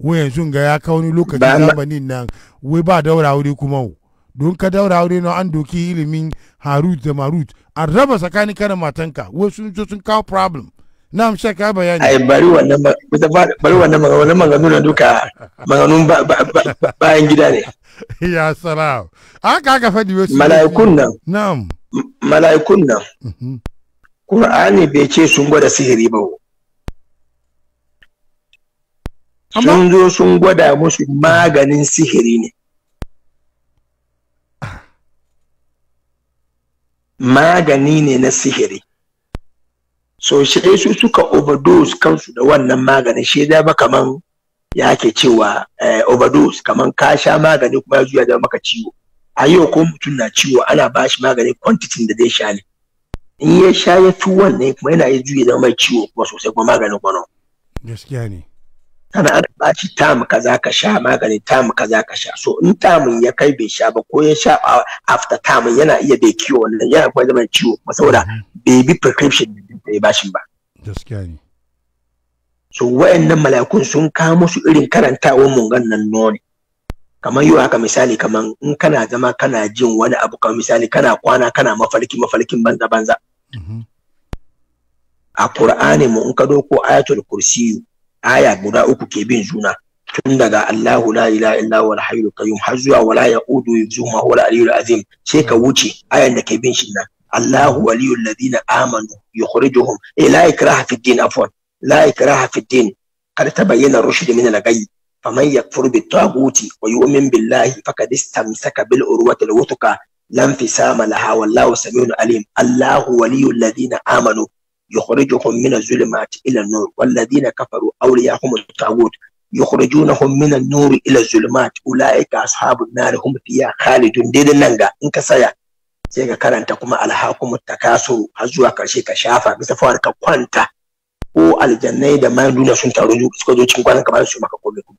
wai yanzu ga ya kawo wani lokacin zamanin nan wai ba daura wuri kuma don ka daura aure na an doki ilimin harut da marut an raba tsakanin kana matanka wasu sun kawo problem na'am sha ka bayani ai bari wannan
ba bari wannan wannan maganganu na duka ba bayan gida ne
ya salam aka aka fadi wasu mala'ikun nan
na'am mala'ikun nan mhm. Qur'ani bai ce sun gwada sihiri ba sun zo sun gwada musu maganin sihiri ne magani ne na sihiri so sai su suka overdose kansu da wannan maganin shi ba kaman ya ke cewa eh, overdose kaman ka sha magani kuma ya da zama maka ciwo a yau ko mutum na ciwo ana ba shi magani quantity da zai sha ne in ya sha ya fi wannan kuma yana yi zuya zama mai ciwo kuma sosai kuma maganin kwano. gaskiya ne tana da ɓaci ka za ka sha maganin ka za ka sha so in tamun ya kai bai sha ba ko ya sha after tamun yana iya bai kiwo wannan yana kuma zama ciwo saboda mhm. bai bi prescription da ya bashin ba gaskiya ne so wayannan malakun sun kawo musu irin karantawan mungan nan noni kamar yau haka misali kamar in kana zama kana jin wani abu kamar misali kana kwana kana mafarki mafarkin banza banza mhm. a Qur'ani mu in ka doko ayatul kursiyu aya guda uku ke bin juna tun daga Allahu la ilaha illa huwa hayyul qayyum har zuwa wala yaudu yuzuhuma huwa al azim sai ka wuce ayan da ke bin shi nan Allahu waliyul ladina amanu yukhrijuhum eh la ikraha fi din afwan la ikraha fi din kada ta bayyana rushd min al-ghayy faman yakfur bit taghuti wa yu'min billahi faqad istamsaka bil urwati al-wuthqa لا انفصام لها والله سميع عليم Allahu ولي الذين امنوا يخرجهم من الظلمات إلى النور والذين كفروا أولياءهم الطاغوت يخرجونهم من النور إلى الظلمات أولئك أصحاب النار هم فيها nan ga, in ka saya, sai ka karanta kuma alhakum takasu har zuwa karshe ka shafa bisa fawar ka kwanta ko aljannai da man duniya sun taru kwanan kamar su komai kuma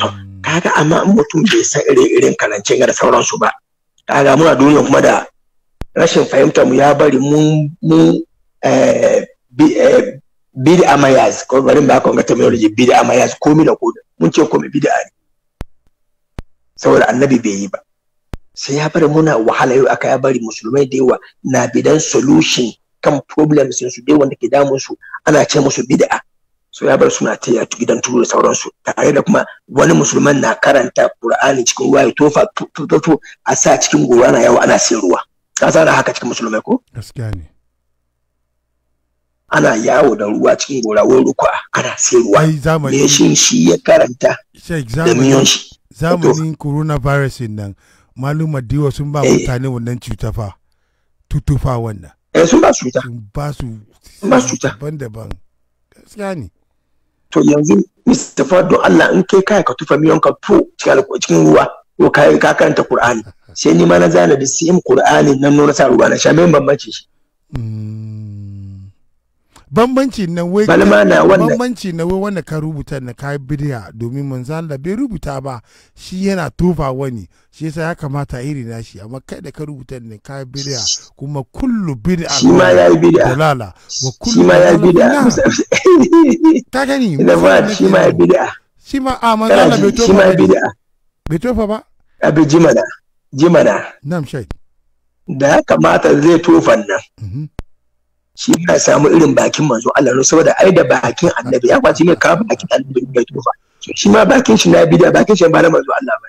to kaga mutum bai san iri iren karancin da sauransu ba kaga muna duniya kuma da rashin fahimtar mu ya bari mun eh, eh bid amayaz ko bari ba ka ga terminology bid amayaz komi da komi mun ce komi bid'a ne saboda annabi bai yi ba sai ya bari muna wahala yau aka ya bari musulmai da yawa na bidan solution kan problems su dai wanda ke damun su ana ce musu bid'a so ya bar suna ta gidan turu da sauransu tare da kuma wani musulman na karanta qur'ani cikin ruwa ya tofa a sa cikin gora na yawa ana sin ruwa ka sana haka cikin musulmai ko gaskiya ne ana yawo da ruwa cikin gora gorawon ruka ana sai ruwa me shin shi ya karanta da miyon shi zamanin
coronavirus nan malumar diwa sun ba eh. mutane wannan cuta fa tutufa wannan eh sun ba cuta sun ba su sun ba cuta ban da ban gaskiya ne
to yanzu Mr. Ford don Allah in kai kai ka tufa miyon ka to cikin ruwa ko kai ka karanta Qur'ani sai ni ma na zana da sim qur'ani nan nuna sa ruwa na sha mai bambanci shi hmm.
bambanci na wai bambanci na wai wanda ka rubuta na ka bidiya domin manzo Allah bai rubuta ba shi yana tofa wani shi yasa ya kamata iri na shi amma kai da ka rubuta ne ka bidiya kuma kullu bidiya shi ma yayi bidiya dalala wa kullu shi ma yayi bid'a ta
gani ba shi ma yayi bidiya
shi ma a ah, manzo Allah bai tofa ba
bai tofa ba abi jimala jimana da ya kamata zai tofan nan mm-hmm. shi na samu irin bakin manzo Allah ne saboda ai da bakin annabi ya kwaci mai ka bakin annabi bai tofa shi ma bakin shi na bidiya bakin shi ba na manzo Allah ba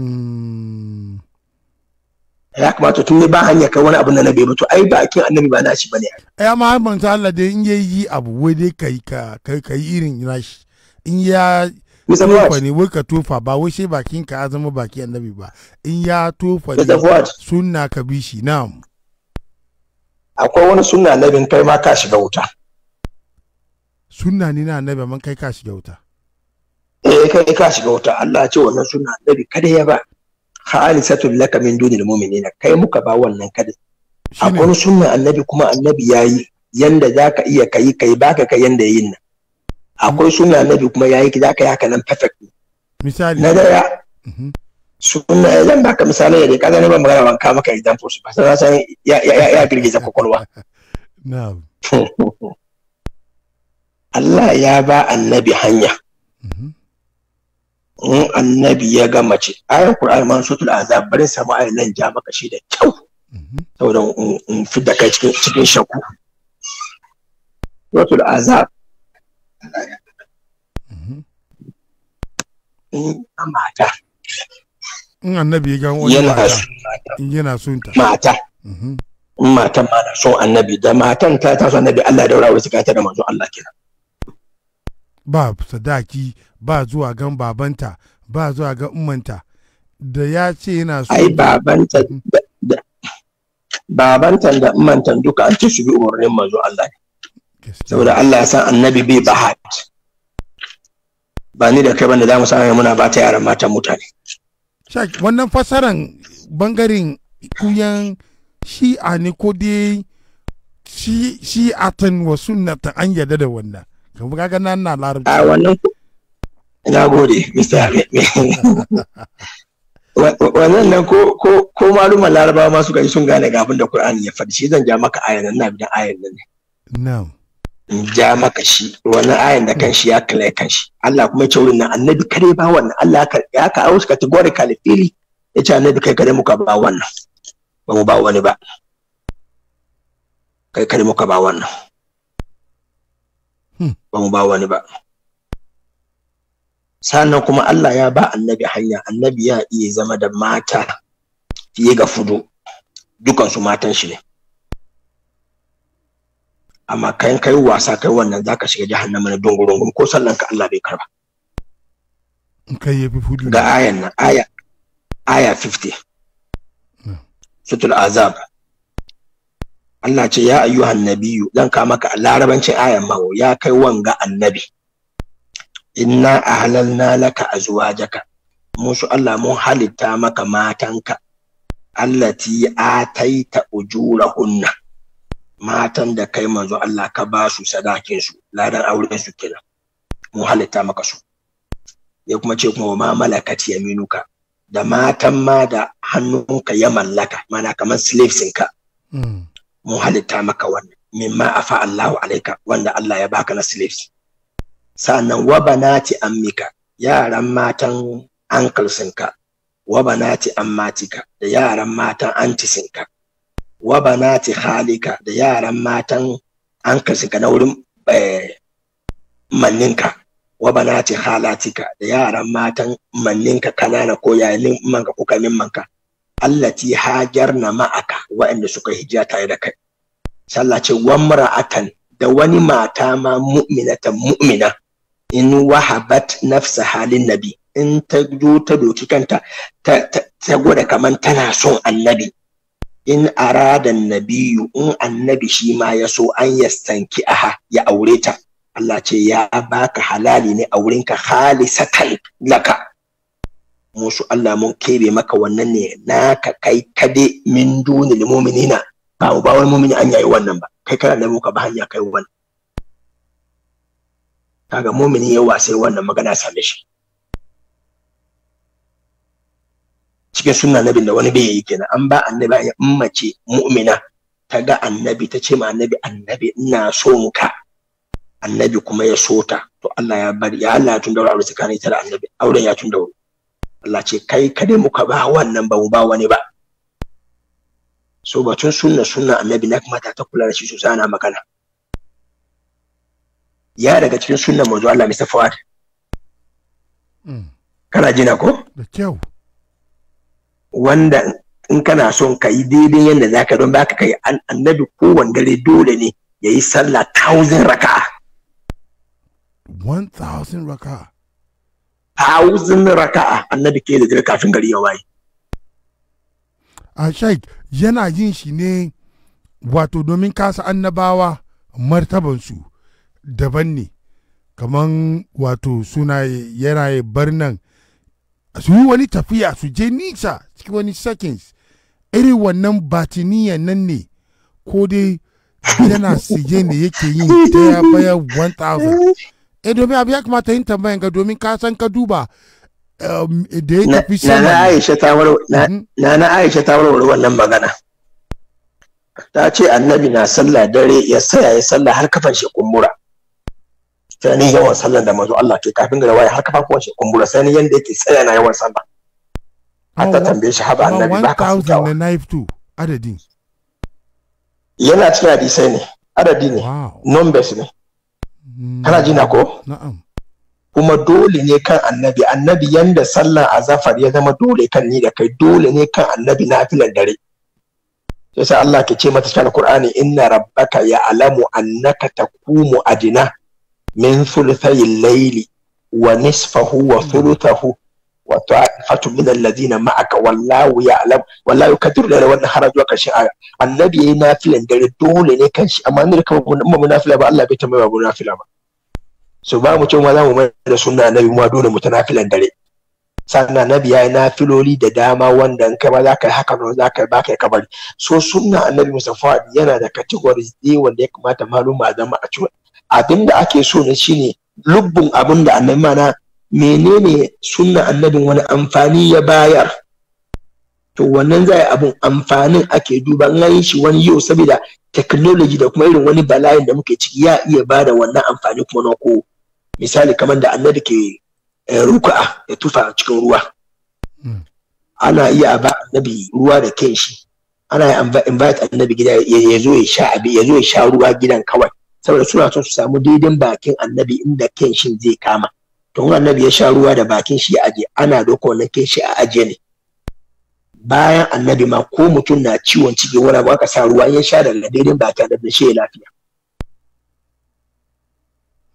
mm. ya kamata tun ne ba hanya kai wani abu na bai mutu to ai bakin annabi ba na shi bane ai
eh, amma manzo Allah dai in yayi abu wai dai kai ka yi kai irin nashi in ya Tufa ne wai ka tufa ba wai shi bakin ka zama baki annabi ba. In ya tufa ne sunna ka bi shi na.
Akwai wani sunna annabin kai ma ka shiga wuta.
Sunna ne na annabi amma kai ka shiga wuta.
Eh kai ka shiga wuta Allah ya ce wannan sunna annabi kada ya ba. khalisatul laka min dunil mu'minina kai muka ba wannan kada akwai suna annabi kuma annabi yayi yanda zaka iya kai kai baka kai yanda yayin nan akwai suna biyu kuma yayi ki zaka yaka haka nan perfect misali na daya mhm. suna zan baka misali da kaga ne ba magana ban ka maka examples ba sai san ya ya girgiza kokolwa
na'am
Allah ya ba annabi hanya mhm. in annabi ya ga mace ayar ma man sutul azab barin samu ayar nan ja maka shi da kyau mhm. saboda in fidda kai cikin cikin shakku sutul azab
mata
in annabi ya gan wani mata yana son ta mata mhm.
in matan ma na son annabi da matan ta ta son annabi Allah da rawar suka ta da manzo Allah kenan
ba sadaki ba zuwa gan babanta ba zuwa gan ummanta da ya ce yana so
ai babanta mhm. da babanta da ummantan duka an ci su bi umarnin manzo Allah ne saboda Allah ya san annabi bai ba bahat ba ni da kai da za mu samu muna ba ta yaran matan mutane
wannan fasaran bangaren kuyan shi'a ne ko dai shi'atan wa sunnatan an yadda da wannan kan ga gana na larabci a wannan
na gode mr wannan nan ko ko ko maluman larabawa ma suka yi sun gane ga abin da qur'ani ya faɗi shi zan ja maka ayan nan na bidan ayan nan ne na'am ja maka shi Wannan ayan da kanshi ya kala kanshi Allah kuma ce wurin nan annabi kare ba wannan Allah ya ka aure ka categorically fili ya ce annabi kai kare muka ba wannan ba mu ba wani ba kai kare muka ba wannan hmm. ba mu ba wani ba sannan kuma Allah ya ba annabi hanya annabi ya iya zama da mata fiye ga fudo dukansu matan shi ne amma kayan kai wasa kai wannan za ka shiga jahannama na dungurungun ko sallan ka Allah bai karba
kai yafi fudu
ga ayan nan aya aya 50 hmm. sutul azab Allah ce ya ayyuhan nabiyyu zan ka maka larabancin ayan mawa, ya kai wanga annabi inna ahlalna laka azwajaka musu Allah mun halitta maka matanka allati ataita ujurahunna matan da kai manzo Allah ka ba su sadakin su ladan auren su kenan mu halitta maka su ya kuma ce kuma ma malakati yaminuka da matan ma da hannunka ya mallaka mana kamar slaves ka hmm. mu halitta maka wannan mimma afa Allahu alaika wanda Allah ya baka na slaves sannan wa banati ammika yaran matan sinka wa banati ammatika da yaran matan antisinka wa banati halika da yaran matan an ka na wurin eh, manninka wa banati halatika da yaran matan manninka kanana ko yayin manka ko kamin manka allati hajarna ma'aka waɗanda suka hijira tare da kai sallah ce wamra'atan da wani mata ma mu'minata mu'mina in wahabat nafsa halin nabi in ta zo ta doki kanta ta gwada kamar tana son annabi in aradan nabiyu in annabi shi ma ya so an yastanki aha ya aure ta Allah ce ya baka halali ne a wurinka halisatan laka musu Allah mun kebe maka wannan ne naka kai kade min dunil mu'minina ba ba wai mu'mini an yayi wannan ba kai kana da muka ba hanya kai wannan kaga mu'mini yawa sai wannan magana same shi cikin sunna annabin da wani bai yi kenan an ba annabi ya ummace mu'mina ta ga annabi ta ce ma annabi annabi ina son ka annabi kuma ya so ta to Allah ya bari ya Allah ya tun daura aure tsakanin ita da annabi auren ya tun daura Allah ce kai kada muka ba wannan ba mu ba wani ba so batun sunna sunna annabi na kamata ta kula da shi sosai ana magana ya daga cikin sunnan manzo Allah Mr. Fuad mm. kana jina ko da kyau wanda in kana son ka yi daidai yadda za ka don ba ka kai annabi kowane dare dole ne ya yi sallah thousand raka.
One thousand raka?
Thousand raka annabi ke da dare kafin gari ya waye.
A ah, shaik yana yin shi ne wato domin kasa annabawa martabansu daban ne. kamar wato suna yana barnan nan su yi wani tafiya su je nisa cikin wani seconds irin wannan batiniya nan ne ko dai yana siye ne yake yin daya baya 1000 eh domin abu ya kamata yin tambayan ga domin ka san ka duba um, da ya tafi sama
mm-hmm. na na aisha ta warware wannan magana ta ce annabi na sallah dare ya saya ya sallah har kafan shi kumbura Sani yawan sallan da manzo Allah ke kafin da waye har kafafuwan shi kumbura sai yadda yanda yake tsaya na yawan sallah an ta tambaye shi haba annabi ba
ka fitawa adadin
yana cikin hadisai ne adadi ne numbers ne kana ji na ko na'am kuma dole ne kan annabi annabi yanda sallar azafar ya zama dole kan ni da kai dole ne kan annabi na filan dare sai Allah ke ce mata cikin Qur'ani inna rabbaka alamu annaka taqumu adina min thuluthay al wa nisfahu wa hmm. thuluthahu wa ta'ifatu min alladhina ma'aka wallahu ya'lam wallahu yukaddiru lana wannan har zuwa karshen aya annabi yayi nafilan dare dole ne kan shi amma ne kan mun mu nafila ba Allah bai tambaye mu nafila ba so ba mu cewa za mu mai da sunna annabi mu dole mu ta nafilan dare sannan annabi yayi nafiloli da dama wanda in kai ma za ka yi haka za ka ba ka kabari so sunna annabi musafa yana da categories dai wanda ya kamata maluma zama a cikin abinda ake so ne shine lubbun abin da annabi mana menene sunna annabi wani amfani ya bayar to wannan zai abun amfanin ake duba an yi shi wani yau saboda technology da kuma irin wani bala'in da muke ciki ya iya da wannan amfani kuma na ko misali kamar da annabi ke eh, ruka'a ya tufa cikin ruwa hmm. ana iya ba annabi ruwa da kenshi ana invite annabi gida ya ya sha abi ya zo ya sha ruwa gidan kawai saboda suna son su samu daidan bakin annabi inda kenshin zai kama to annabi ya sha ruwa da bakin shi ya aje ana doka wannan kenshi a aje ne bayan annabi ma ko mutum na ciwon ciki wani abu aka sa ruwa ya sha daga daidan bakin annabi shi ya lafiya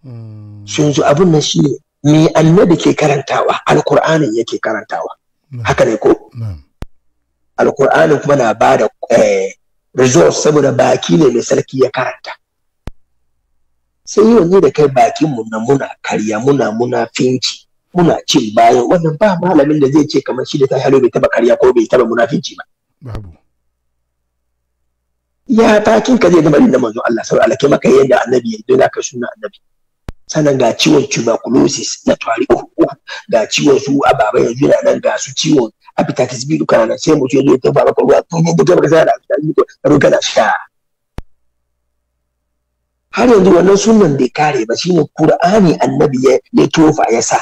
hmm. sun zo abin nan shi ne annabi ke karantawa alkur'anin yake karantawa hmm. haka ne ko hmm. alkur'anin kuma na ba da eh, results saboda baki ne mai sarki ya karanta sai ni da kai bakin mu na muna karya muna muna finci muna cin bayan wannan ba malamin da zai ce kamar shi da ta halo bai taba karya ko bai taba munafinci ba babu ya takin ka zai zama da manzo Allah sau alake maka yadda annabi ya za ka suna annabi sannan ga ciwon tuberculosis na tari uku ga ciwon su a baba yanzu na nan ga su ciwon hepatitis B duka sai mutum ya zo ya taba maka ruwa tun da gaba ka zara da ruwa kana sha har yanzu wannan sunan bai kare ba shine Qur'ani annabi ya tofa ya sa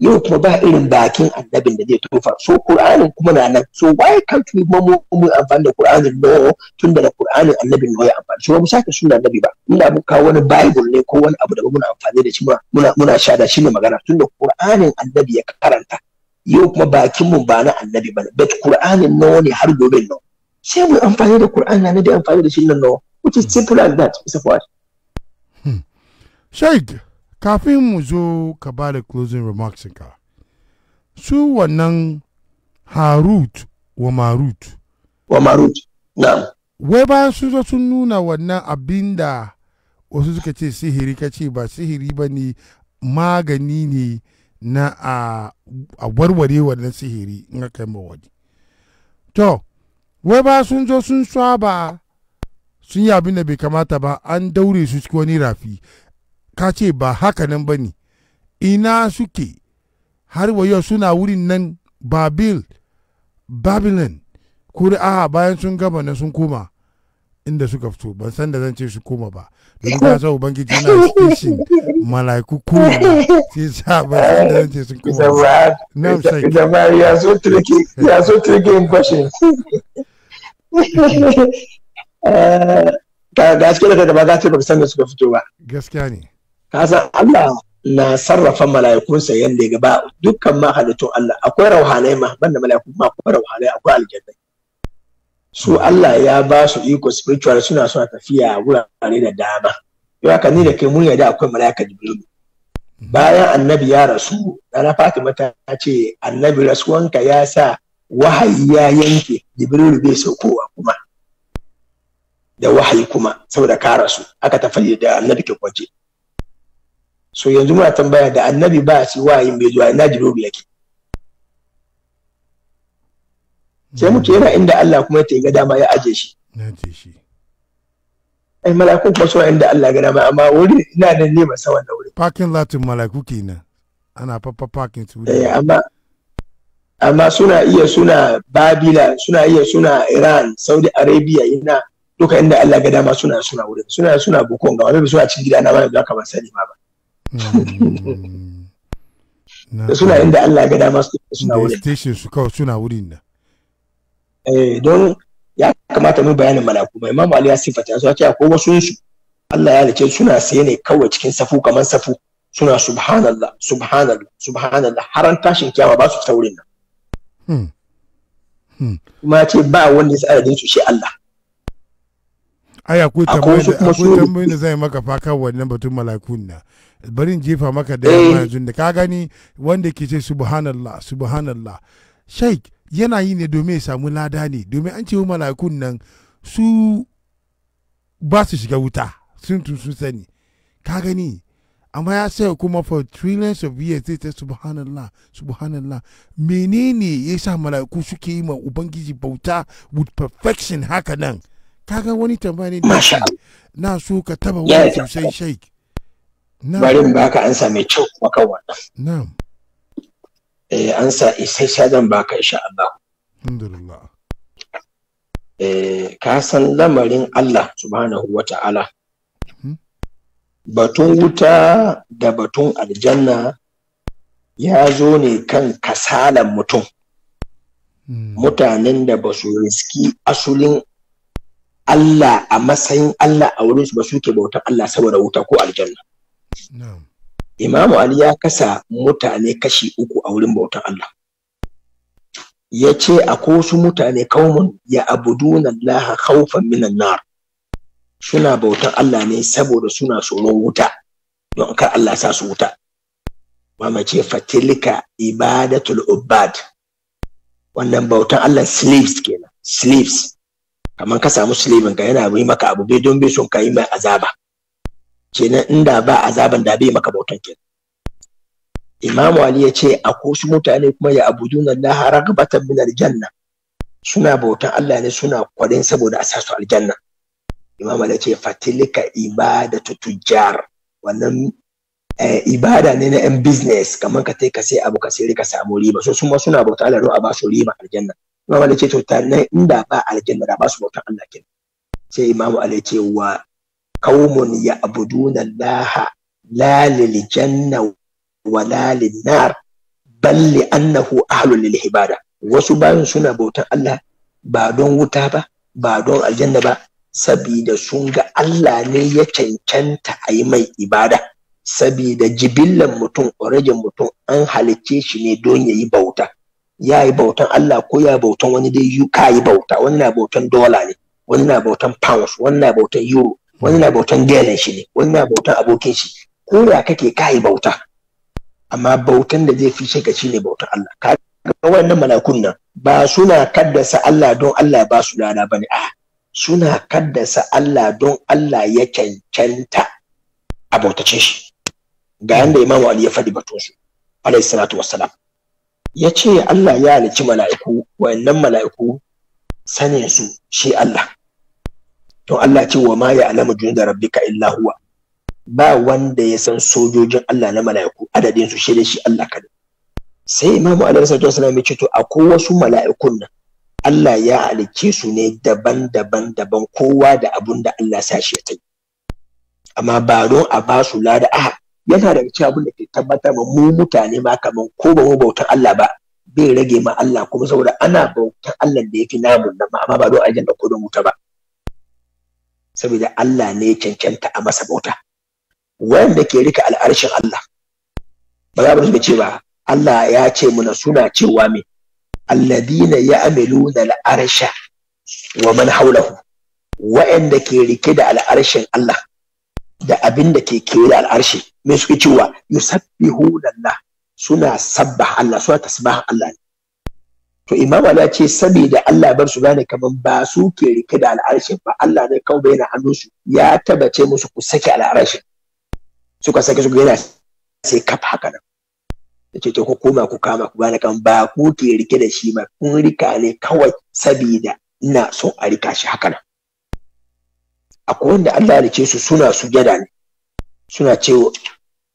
yau kuma ba irin bakin annabin da zai tofa so Qur'anin kuma na nan so why can't we mu mu amfani da Qur'anin no tun da Qur'anin annabin no ya amfani so mu sake sunan annabi ba muna da kawo wani bible ne ko wani abu da muna amfani da shi muna muna shada shine shi ne magana tun da Qur'anin annabi ya karanta yau kuma bakin mu ba na annabi ba but Qur'anin no ne har gobe no sai mu amfani da Qur'ani na amfani da shi nan no which is simple as that Mr. Fuad Shahid,
kafin mu zo ka ba da closing remarks ka, su wannan Harut wa Marut. Wa Marut, na Wai bayan sun zo sun nuna wannan abin da wasu suka ce sihiri ka ce ba sihiri ba ne magani ne na a, warware wannan sihiri in aka yi mawadi. To, wai ba sun zo sun ba sun yi abin da bai kamata ba an daure su cikin wani rafi ka ce ba haka nan ba ne ina suke har wa yau suna wurin nan babil babylon kuri'a bayan sun gaba na sun koma inda suka fito ban san da zan ce su koma ba don ka san ubangiji na kishin malaiku koma sai sa ban san da zan ce sun koma ba na sai ya so tricky
ya so tricky in question eh ka gaskiya da ba za ta ba san da suka fito ba
gaskiya ne
kasan Allah na sarrafa mala'ikunsa yadda ya gaba dukkan ma halittun Allah akwai rauhanai ma banda mala'iku ma akwai rauhanai akwai aljannai su Allah ya ba su iko spiritual suna suna tafiya wurare da dama yau haka ni da kai mun yarda akwai mala'ika jibrilu bayan annabi ya rasu dana fatima ta ce annabi rasuwanka ya sa wahayi ya yanke jibrilu bai saukowa kuma da wahayi kuma saboda ka rasu aka tafi da annabi ke kwance so yanzu muna tambaya da annabi ba a ci wayin bai zuwa ina jirobi yake sai muke yana inda Allah kuma ya ga dama ya aje shi ai malakun kuma suna inda Allah ga dama amma wuri ina nan ne masa wannan wuri
parking latin malaku kenan ana papa parking su eh
amma amma suna iya suna babila suna iya suna iran saudi arabia ina duka inda Allah ga dama suna suna wurin suna suna bukon ga wani suna cikin gida na ba da ka ban sani ma ba suna inda Allah ga dama suna wurin station su kawai suna wurin da eh don ya kamata mu bayanin malaku mai imamu ali ya sifata su ake ko wasu su Allah ya halice suna sai ne kawai cikin safu kamar safu suna subhanallah subhanallah subhanallah har tashin kiyama ba su saurin wurin
nan hmm. Hmm.
kuma ya ce ba wanda ya adadin su shi Allah
ai akwai tambayoyin da zai maka fa kan wannan batun malakun na barin jefa maka da yamma eh. yanzu da ka gani wanda ke ce subhanallah subhanallah sheik yana yi ne domin ya samu lada ne domin an ce malakun nan su ba su shiga wuta sun tun sun sani ka gani amma ya sai kuma for trillions of years zai ta subhanallah subhanallah menene ya sa mala'iku suke yi ma ubangiji bauta with perfection haka nan kaga wani tambaya ne na so ka taba wani sosai sheik bari
ba baka ansa mai kyau kuma kan wannan na'am eh ansa isassha ba baka insha Allah
alhamdulillah
eh ka san lamarin Allah subhanahu wata'ala hmm? batun wuta da batun aljanna ya zo ne kan kasalan mutum hmm. mutanen da ba su riski asulin Allah a matsayin Allah a wurin su ba suke bautar Allah saboda wuta ko aljanna. Imamu Ali ya kasa mutane kashi uku a wurin bautan Allah. Ya ce akwai wasu mutane kaumun ya abuduna Allah khawfan minan nar. Suna bautan Allah ne saboda suna tsoron wuta don kar Allah sa su wuta. Mama ce fatilika ibadatul ubbad. Wannan bautan Allah slaves kenan, slaves. Kamar ka samu slave ka yana yi maka abu bai don bai son ka yi mai azaba. kenan inda ba azaban da bai maka bautan kenan imamu ali ya ce a su mutane kuma ya abuduna Allah ragbatan min aljanna suna bautan Allah ne suna kwadin saboda a sasu aljanna imam ali ya ce fatilika ibadatu tujjar wannan eh, ibada ne na yan business kamar ka ka sai abu ka sai ka samu riba so su ma suna bautan Allah don a ba su riba aljanna imam ali ya ce to tare inda ba aljanna da ba su bautan Allah kenan sai imamu ali ya ce wa qaumun ya Allah la lil janna wa la nar bal annahu ahlul lil ibada wasu bayan suna bautan Allah ba don wuta ba ba don aljanna ba sabida sun ga Allah ne ya cancanta a yi mai ibada sabida jibillan mutum orajin mutum an halicce shi ne don ya yi bauta ya yi bautan Allah ko ya bautan wani dai yi ka yi bauta wani na bautan dola ne wani na bautan pounds wani na bautan euro wani na bautan gelin shi ne wani na bautan abokin shi ko ya kake kai bauta amma bautan da zai fi shi ne bautan Allah ka ga wannan malakun nan ba suna kaddasa Allah don Allah ba su lada bane a suna kaddasa Allah don Allah ya cancanta a bautace shi ga yanda Imam Ali ya faɗi batun su alayhi salatu wassalam ya ce Allah ya halici mala'iku wayannan mala'iku sanin su shi Allah don Allah ce wa ma ya alama junuda rabbika illa huwa ba wanda ya san sojojin Allah na mala'iku adadin su shede shi Allah kada sai imamu alaihi salatu wasallam ya ce to akwai wasu mala'ikun nan Allah ya halicce su ne daban-daban daban kowa da abun da Allah sa shi ya yi amma ba don a ba su lada aha yana da cikin abin da ke tabbatar ma mu mutane ma kaman ko ba mu bautan Allah ba bai rage ma Allah kuma saboda ana bautan Allah da yake namu amma ba don aljanna ko don wuta ba saboda Allah ne ya cancanta a masa bauta wanda ke rika al'arshin Allah ba za mu ce ba Allah ya ce muna suna cewa me alladina ya'maluna al'arsha wa man hawlahu wa'anda ke rike da al'arshin Allah da abin da ke kewaye da al'arshi me suke cewa yusabbihu lillah suna sabba Allah suna tasbihu Allah ne to imam ya ce saboda Allah bar su gane kaman ba su ke rike da al'arshin ba Allah ne kawai bayyana hannu su ya tabbace musu ku saki al'arshin suka saki su gina sai kaf haka nan yace to ku koma ku kama ku gane kaman ba ku ke rike da shi ba kun rika ne kawai saboda ina so a rika shi haka nan akwai wanda Allah ya ce su suna sujada ne suna cewa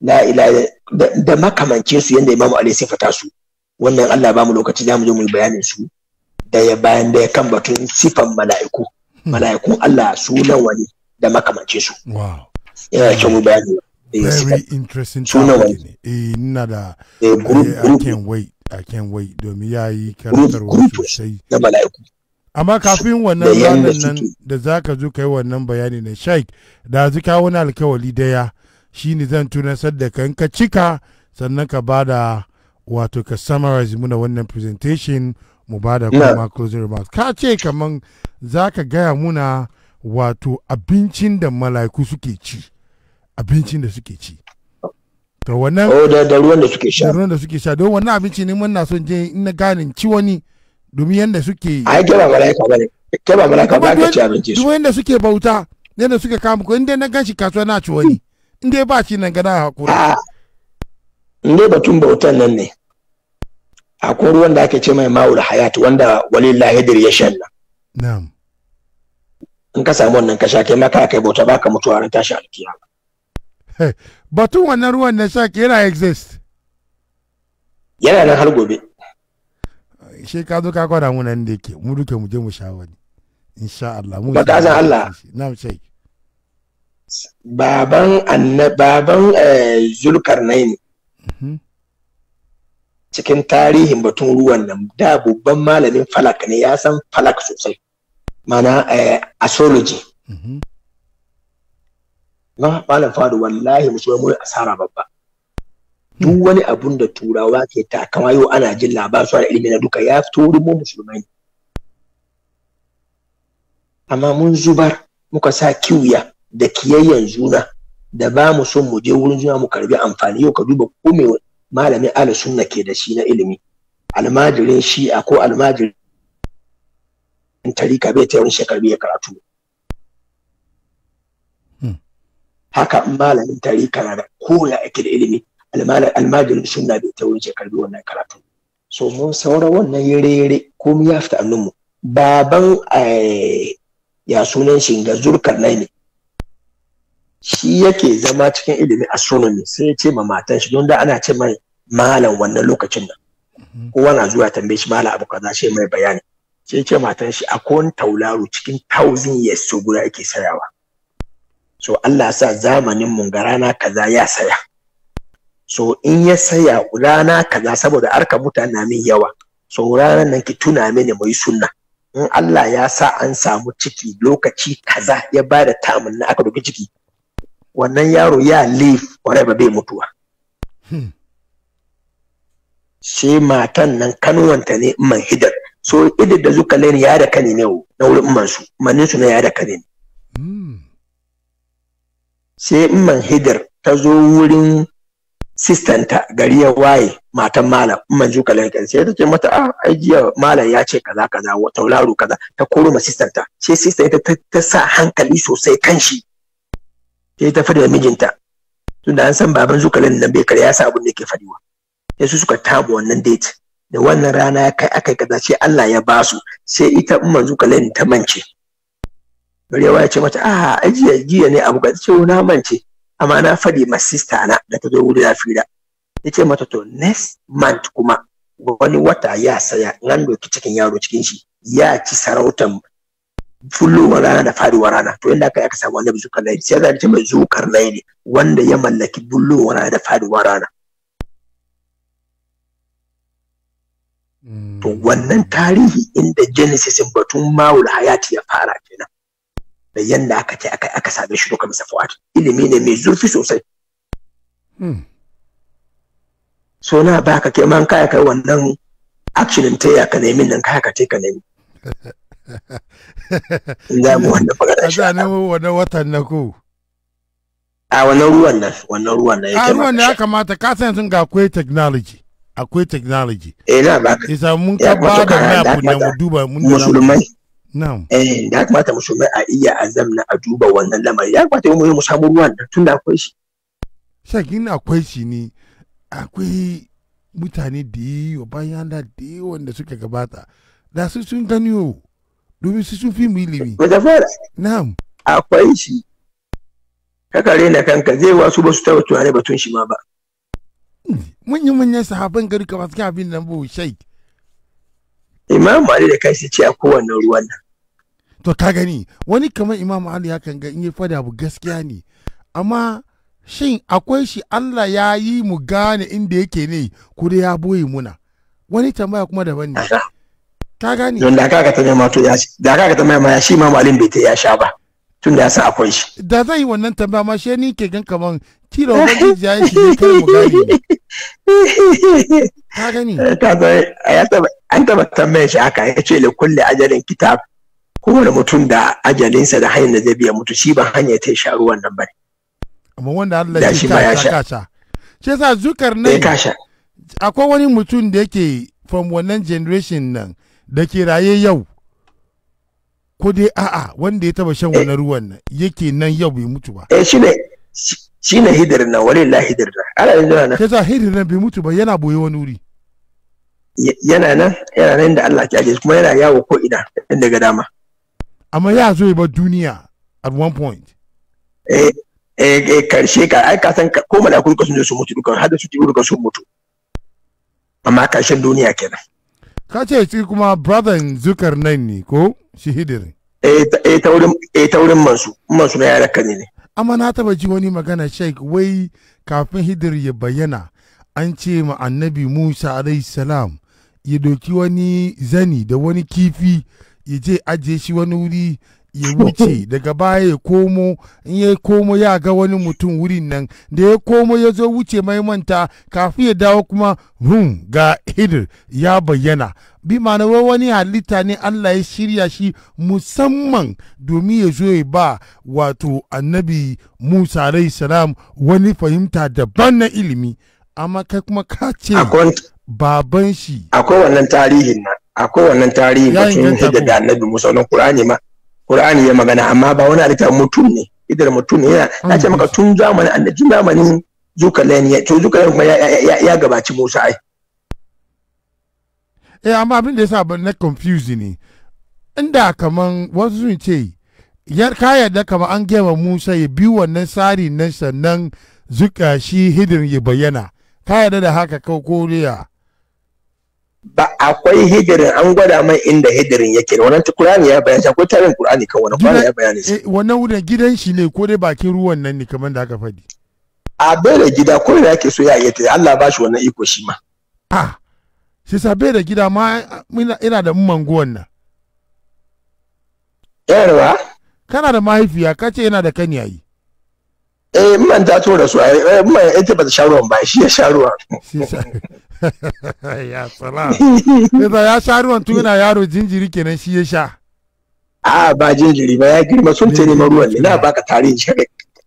la ilaha da su yanda imam ali fata su wannan Allah ba mu lokaci za mu je mu yi bayanin su Da ya bayan ya kan batun sifan mala'iku hmm. mala'ikun Allah su nawa ne da makamance su wow yana kyau mu bayani eh, very interesting su nawa ne
eh ina da eh, eh, I can't wait I can't wait domin yayi karantarwa sai na mala'iku amma kafin wannan ranar nan da za ka zo ka yi wannan bayani na shaik da zu ka wani alkawali daya shine zan tunasar da kan in ka cika sannan ka bada. da wato ka summarize muna wannan presentation mu ba da kuma closing remarks ka ce kaman za ka gaya muna wato abincin da mala'iku suke ci abincin da suke ci to wannan oh, da, da ruwan da suke sha da ruwan da suke sha don wannan abinci ne mun na son je in na gane ci wani domin yanda suke ai ke ba mala'ika bane ke ba mala'ika ba ka ci abinci su yanda suke bauta yanda suke kama ko inda na ganshi kasuwa na ci wani inda ba ci nan gana hakuri
ah, inda batun bautan nan ne akwai ruwan da ake ce mai ma'ul hayat wanda wali lahidir ya shalla. Na'am. in ka samu wannan kasha kai maka kai bauta baka mutuwa ran tashi alkiyama
batun wannan ruwan na sha yana exist
yana nan har gobe
Shi ka zo ka kwada mu nan da yake mu duke mu je mu sha wani insha Allah mu ga zan Allah na'am sai.
baban annababan eh, zulkarnaini mhm. cikin tarihin batun ruwan nan da babban malamin falak ne ya san falak sosai mana eh, astrology mhm. ma malam fadu wallahi musu mai asara babba duk hmm. wani abun da turawa ke ta kama yau ana jin labasu da ilimi na duka ya fito wurin mu musulmai amma mun zubar muka sa kiwiya da kiyayyen juna da ba mu son mu je wurin juna mu karbi amfani yau ka duba ko mai malami ala sunna ke da shi na ilimi almajirin shi'a ko almajirin tarika bai ta shekaru ya karatu hmm. haka malamin tarika na koya ake da ilimi almajirin sunna bai ta shekaru wannan karatu so mun saura wannan yare-yare komi ya fita annunmu baban eh, ya sunan shi ga zurkar ne shi yake zama cikin ilimin astronomy sai ya ce ma matan shi don da ana ce mai malam wannan lokacin nan mhm. kowa na zuwa tambaye shi malam abu kaza shi mai bayani sai ce matan shi akwai taularu cikin thousand years so guda yake sayawa so Allah sa zamanin mun ga rana kaza ya saya so in ya saya rana kaza saboda arka mutane na min yawa so ranar nan ki tuna mini mai sunna in Allah ya sa an samu ciki lokaci kaza ya bada da tamin na aka doki ciki wannan yaro ya live ba bai mutuwa hmm. sai matan nan kanuwanta ne man hidar so idar da zuka lani ya da kani ne na wurin man su manin su na ya da kani. ne hmm. sai man hidar ta zo wurin sistanta gari ya waye matan malam man zuka lai kan sai ta ce mata a ah, ai jiya malam ya ce kaza kaza tauraro kaza ta koro ma sistanta sai sista ita ta sa hankali sosai kan shi sai ta fada da mijinta tunda an san baban zukalin nan bai karya sa abin da yake fadiwa sai su suka tabu wannan date da wannan rana ya kai aka kaza ce Allah ya ba su sai ita umman zukalin ta mance Barewa ya ce mata a ah, ajiya jiya ne abu ka ce oh, na mance amma na fadi ma sista na da ta zo wuri lafira ya ce mata to next month kuma wani wata ya saya nan doki cikin yaro cikin shi ya ci sarautan fullowar rana da faduwar rana to inda aka aka samu zukar zulkarnain sai zance mai zulkarnain ne wanda ya mallaki fulluwar rana da faduwar rana mm. to wannan tarihi inda genesis batun mawul hayati ya fara kenan da yadda aka ce aka aka same shi duka masa fawat ilimi ne mai zurfi sosai hmm. so na baka kai man kaya kai wannan action ta ya ka nemi nan kaya ka ce ka nemi za mu wanda magana shi a
wannan watan na ku
a wannan ruwan nan wannan ruwan nan a ruwan nan
ya kamata ka san yanzu ga akwai technology akwai technology
eh na ba isa mun ka ba da map ne mu
duba mun musulmai na'am
eh ya kamata musulmai a iya azamna na a duba wannan lamarin ya kamata mu mu samu ruwan nan tunda akwai shi
shakin akwai shi ne akwai mutane da yi bayan da da wanda suka gabata da su sun gani o domin su sun fi mu ilimi.
fara. Na'am. Akwai shi. Kaka rena kanka zai wasu ba su taba tunani batun shi ma ba.
mun manyan sahabin gari ka basu abin nan ba shai.
Imam Ali da kai ce a kowanne ruwan nan.
To ka gani wani kamar Imam Ali hakan ga in yi fada abu gaskiya ne amma shin akwai shi Allah ya yi mu gane inda yake ne ko ya boye muna wani tambaya kuma daban ne. ka
don da aka ka ya da aka ka ma shi ma malin bai ya sha ba tun da ya sa akwai shi
da zai wannan tambaya ma shi ke gan kaman
ya yi shi kai mu eh, an taba tambaye shi haka ya ce le kulli ajalin kitab kowane mutum da ajalinsa da hanyar da zai biya mutu shi ba hanya ta sha ruwan nan bane
amma wanda Allah ya sha kasha shi zukar nan eh, akwai wani mutum da yake from wannan generation nan da ke raye yau ko dai a'a wanda ya taba shan eh. wani ruwan nan yake nan yau bai mutu ba
eh shine shine hidir nan wallahi hidir nan ala yanzu nan sai
za hidir nan bai mutu ba yana boye wani wuri
yana nan yana nan da Allah ke aje kuma yana yawo ko ina ga dama
amma ya zo ba duniya at one point
eh, eh eh karshe ka ai ka san ko malaku sun su mutu dukan har da su dukan sun mutu amma karshen duniya kenan
ka ce ciki kuma brother zukar nan ne ko shi hidirin
eh, eh ta wurin mansu eh, mansu na yara kan ne
amma na taba ji wani magana sheik wai kafin hidir ya bayyana an ce ma annabi musa alayhi salam ya doki wani zani da wani kifi ya je ajiye shi wani wuri ya wuce daga baya ya komo in ya komo ya ga wani mutum wurin nan da ya komo ya zo wuce mai manta kafin ya dawo kuma hun ga hidir ya bayyana bi ma'ana wani halitta ne Allah ya shirya shi musamman domin ya zo ya ba wato annabi Musa rai salam wani fahimta daban na ilimi amma kai kuma ka ce baban shi
akwai wannan tarihin nan akwai wannan tarihin batun hidda da annabi Musa wannan Qur'ani ma Qur'ani ya magana amma ba wani halitta mutum ne idan mutum ne yana na ce maka tun zamanin annabi tun zamanin Zulkarnain ya to Zulkarnain kuma ya gabaci Musa ai
eh amma abin da yasa na confuse ne inda kaman wasu sun ce yar ka yarda kaman an gema Musa ya bi wannan tsari nan sannan zuka shi hidin ya bayyana ka yarda da haka ko koriya
ba akwai hidirin an gwada man inda hidirin yake da wannan kurani ya bayani akwai tarin kurani kan wani kwanan ya bayani shi eh,
wannan wurin gidan shi ne ko dai bakin ruwan nan ne kamar da aka faɗi
a bai gida ko da yake so ya yi ta Allah ba shi wannan iko shi ma
A! Ah, shi sa bai da gida ma ina da manguwan nan yarwa kana da mahaifiya ka ce yana da kan yayi
eh man ta tura su eh man ita ba ta sha ruwan ba shi ya sha
ya salam yasa ya sha ruwan tun yana yaro jinjiri kenan shi ya sha
a ah, ba jinjiri ba ya girma sun ce neman ruwan ne na baka tarihin shirin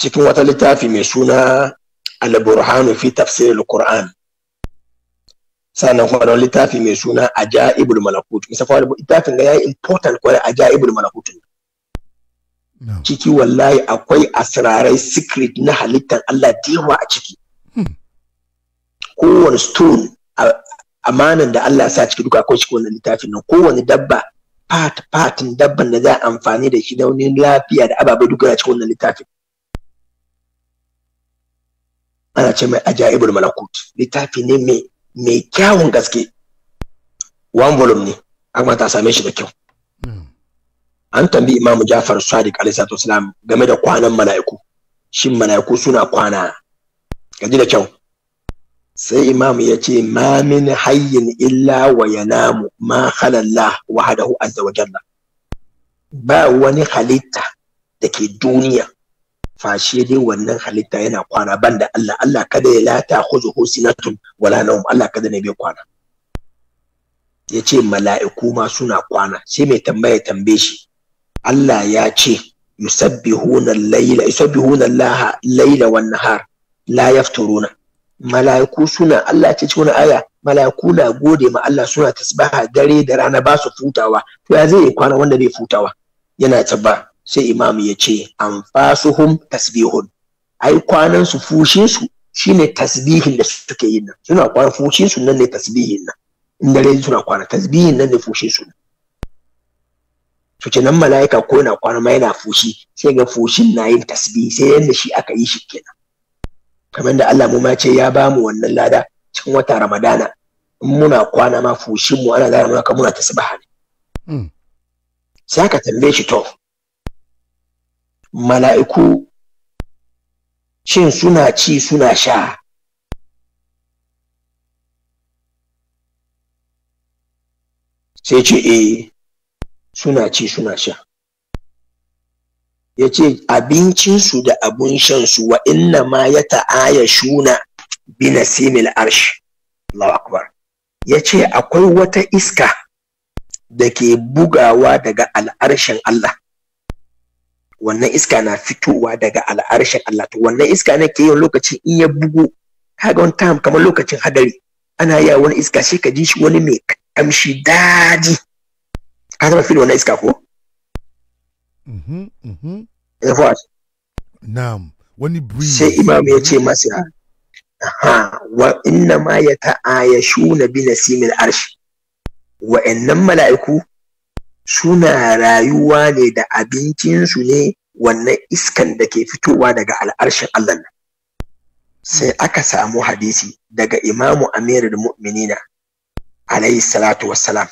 cikin wata littafi mai suna al-burhanu fi tafsir al-qur'an sannan kuma wani littafi mai suna ajaibul malakut isa kuma littafin ga yayi important kwarai ajaibul malakut ciki wallahi akwai asrarai secret na halittar Allah da a ciki hmm. kowane stone amanan da Allah sa ciki duka akwai cikin wannan littafin nan kowane dabba part partin dabban da za a amfani da shi da wani lafiya da ababai duka cikin wannan littafin ana ce mai ajaibul malakut littafi ne mai mai kyawun gaske one volume ne amma ta same shi da kyau hmm. an tambi imamu jafar sadiq alaihi wasalam game da kwanan mala'iku shin mala'iku suna kwana gaji da kyau sai imamu ya ce ma min hayyin illa wa yanamu ma halallah wahadahu azza wa jalla ba wani halitta da ke duniya fashe dai wannan halitta yana kwana ban da Allah Allah kada ya lata khuzu husinatun wala nawm Allah kada ne bai kwana yace mala'iku ma suna kwana sai mai tambaya tambaye shi Allah ya ce yusabbihuna al-layla yusabbihuna Allah layla wan nahar la yafturuna mala'iku suna Allah ce cikin aya mala'iku na gode ma Allah suna tasbaha dare da rana ba su futawa to ya zai kwana wanda zai futawa yana tabba sai imam ya ce anfasuhum tasbihun ai kwanan su fushin su shine tasbihin da suke yi nan suna kwana fushin su nan ne tasbihin nan in dare suna kwana tasbihin nan ne fushin su to nan mala'ika ko na kwana ma yana fushi sai ga fushin na yin tasbihi sai yanda shi aka yi shi kenan kamar da Allah mu ma ce ya ba mu wannan lada cikin wata Ramadana in muna kwana ma fushin mu ana zara muna muna tasbaha ne hmm. sai aka tambaye shi to mala'iku cin suna ci suna sha sai ce eh suna ci suna sha ya ce abincinsu da abun shansu wa inna ma ya ta'aya shuna bina simil arsh Allahu akbar ya ce akwai wata iska da ke bugawa daga al'arshin Allah wannan iska na fitowa daga al'arshen Allah to wannan iska ne ke yin lokacin in ya bugu kaga wani time kamar lokacin hadari ana yawa wani iska shi ka ji shi wani mai kamshi daji ka taba fili wannan iska ko mm-hmm, mm-hmm. Eh, sai imam ya ce masa aha wa inna ma ya na bi nasimil arshi wa'annan mala'iku suna rayuwa ne da abincinsu ne wannan iskan da ke fitowa daga al'arshin Allah nan. Sai aka samu hadisi daga Imamu Amirul Mu'minina alayhi salatu wassalam.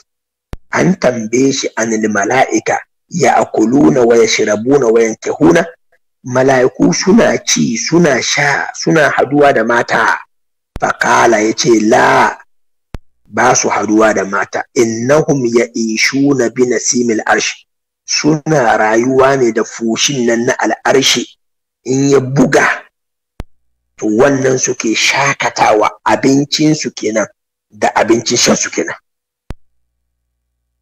An tambaye shi anil mala'ika ya akuluna wa ya shirabuna wa yankehuna mala'iku suna ci suna sha suna haduwa da mata. Fakala ya ce la ba su haduwa da mata innahum ya ishu na bi nasimil arshi suna rayuwa ne da fushin nan na al'arshi in ya buga to wannan suke shakatawa su kenan da abincin shan su kenan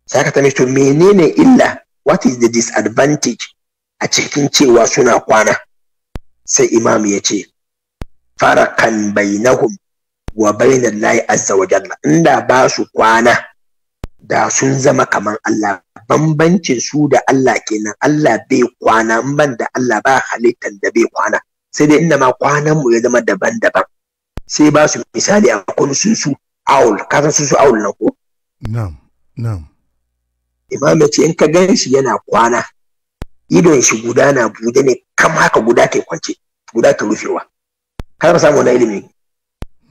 sakata mai to menene illa what is the disadvantage a cikin cewa suna kwana sai imam ya ce farakan bainahum wa bainal lahi azza wa jalla inda ba su kwana da sun zama kaman Allah bambancin su da Allah kenan Allah bai kwana in ban da Allah ba halittar da bai kwana sai dai inda ma kwanan mu ya zama daban-daban sai ba su misali a kun sun su aul ka san sun su aul nan ko
na'am na'am
imam ya ce in ka gan shi yana kwana idon shi guda na bude ne kam haka guda ke kwance guda ta rufewa kar samu wani ilimi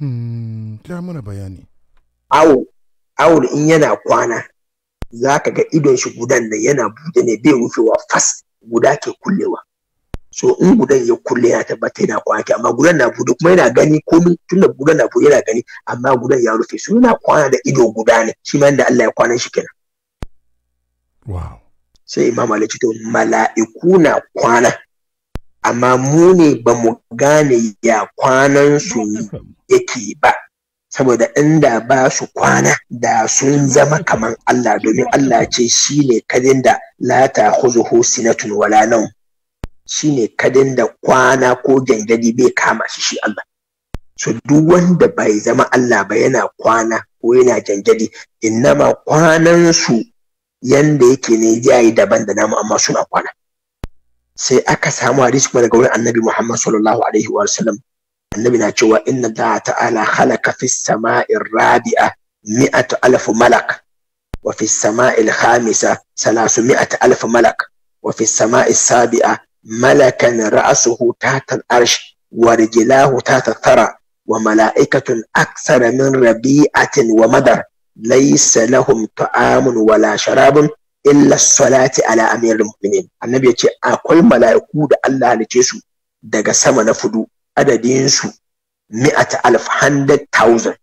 Hmm, mana bayani awo awo in yana kwana za ka ga idon shi gudan da yana bude ne bai rufewa fas guda ke kullewa so in gudan ya kulle ya tabbata yana kwana ke amma gudan na bude kuma yana gani komi tunda gudan na bude yana gani amma gudan ya rufe su yana kwana da ido guda ne shi ma inda Allah ya kwana shi kenan wow sai imam Ali to mala'iku na kwana amma mu ne ba mu gane ya kwanan su yake ba saboda inda ba su kwana da sun zama kaman Allah domin Allah ce shi ne kadin da lata huzuhu na tunwala nan shi ne kadin da kwana ko gyangyadi bai kama shi shi Allah so duk wanda bai zama Allah ba yana kwana ko yana gyangyadi innama kwanan su yanda yake ne yayi daban da namu amma suna kwana سي أكا سامو حديث من قول النبي محمد صلى الله عليه وسلم النبي ناتشوا إن الله تعالى خلق في السماء الرابعة مئة ألف ملك وفي السماء الخامسة ثلاثمائة ألف ملك وفي السماء السابعة ملكا رأسه تحت الأرش ورجلاه تحت الثرى وملائكة أكثر من ربيعة ومدر ليس لهم طعام ولا شراب illa salati ala amirul mu'minin annabi yace akwai mala'iku da Allah halice su daga sama na fudu adadin su mi'at alf hundred thousand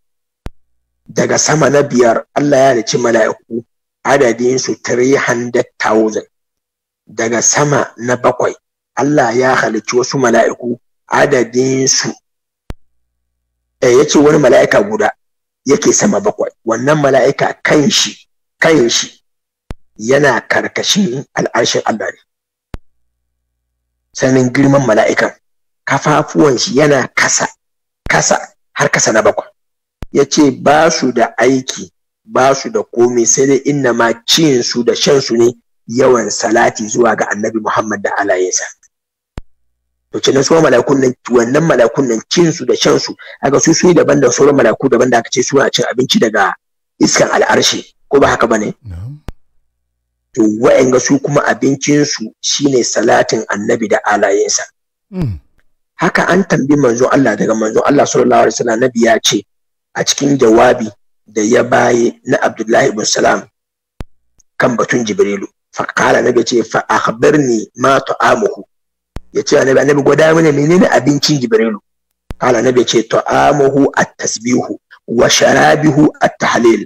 daga sama na biyar Allah ya halice mala'iku adadin su three hundred thousand daga sama na bakwai Allah ya halice wasu mala'iku adadin su eh yace wani mala'ika guda yake sama bakwai wannan mala'ika kanshi, shi kan shi yana karkashin al'arshin Allah ne sanin girman mala'ikan kafafuwan shi yana kasa kasa har kasa na bakwai ya ce ba su da aiki ba su da komai sai dai inna ma su da shan su ne yawan salati zuwa ga annabi Muhammad da alayensa to ce su malakun nan wannan malakun nan cin da shan su aga su su daban da sauran malaku daban da aka ce suna cin abinci daga iskan al'arshi ko ba haka ba bane to wa'anga su kuma abincinsu shine salatin annabi da alayensa hmm. haka an tambi manzo Allah daga manzo Allah sallallahu alaihi wasallam nabi ya ce a cikin jawabi da ya baye na Abdullahi ibn Salam kan batun Jibrilu fa kala nabi ce fa akhbirni ma ta'amuhu ya ce annabi annabi gwada mini menene abincin Jibrilu kala nabi ce ta'amuhu at-tasbihu wa sharabihu at-tahlil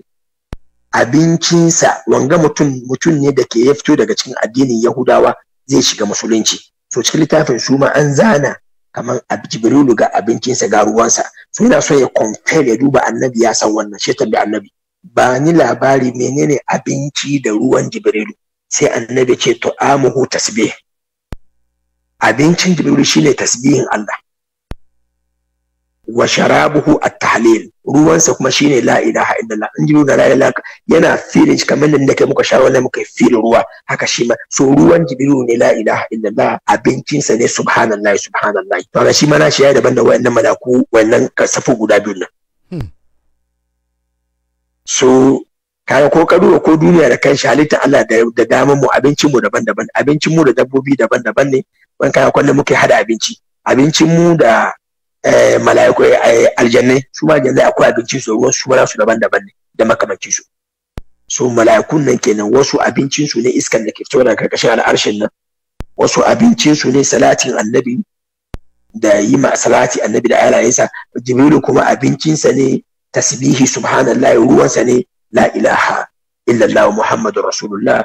abincinsa wanga mutum mutum ne da ke ya fito daga cikin addinin yahudawa zai shiga musulunci so cikin littafin su ma an zana kamar jibrilu ga abincinsa ga ruwansa so yana so ya compare ya duba annabi ya san wannan shi tambayi annabi ba ni labari menene abinci da ruwan jibrilu sai annabi ce to amuhu tasbih abincin jibrilu shine tasbihin Allah wa sharabuhu at-tahlil ruwansa kuma shine la ilaha illallah in ji nuna la ilaha yana filin kamar nan da kai muka sha ne muka filin ruwa haka shi ma so ruwan jibiru ne la ilaha illallah sa ne subhanallahi subhanallahi to ga shi ma na shi ya daban da wayannan malaku wayannan kasafu guda biyu nan hmm. so kayan ko karuwa ko duniya da kan halittar Allah da damar mu abincin mu daban-daban abincin mu da dabbobi daban-daban ne Wani kaya kwallon muke hada abinci abincin mu da Eh, mala'iku eh, aljannai su ma Aljannai akwai abincin su ruwan su su daban-daban ne da makamancin su su mala'ikun nan kenan wasu abincin su ne iskan da ke fitowa karkashin al'arshin nan wasu abincin su ne salatin annabi da yi ma salati annabi da alayensa jibrilu kuma abincinsa ne tasbihi subhanallahi ruwansa ne la ilaha illallah muhammadur rasulullah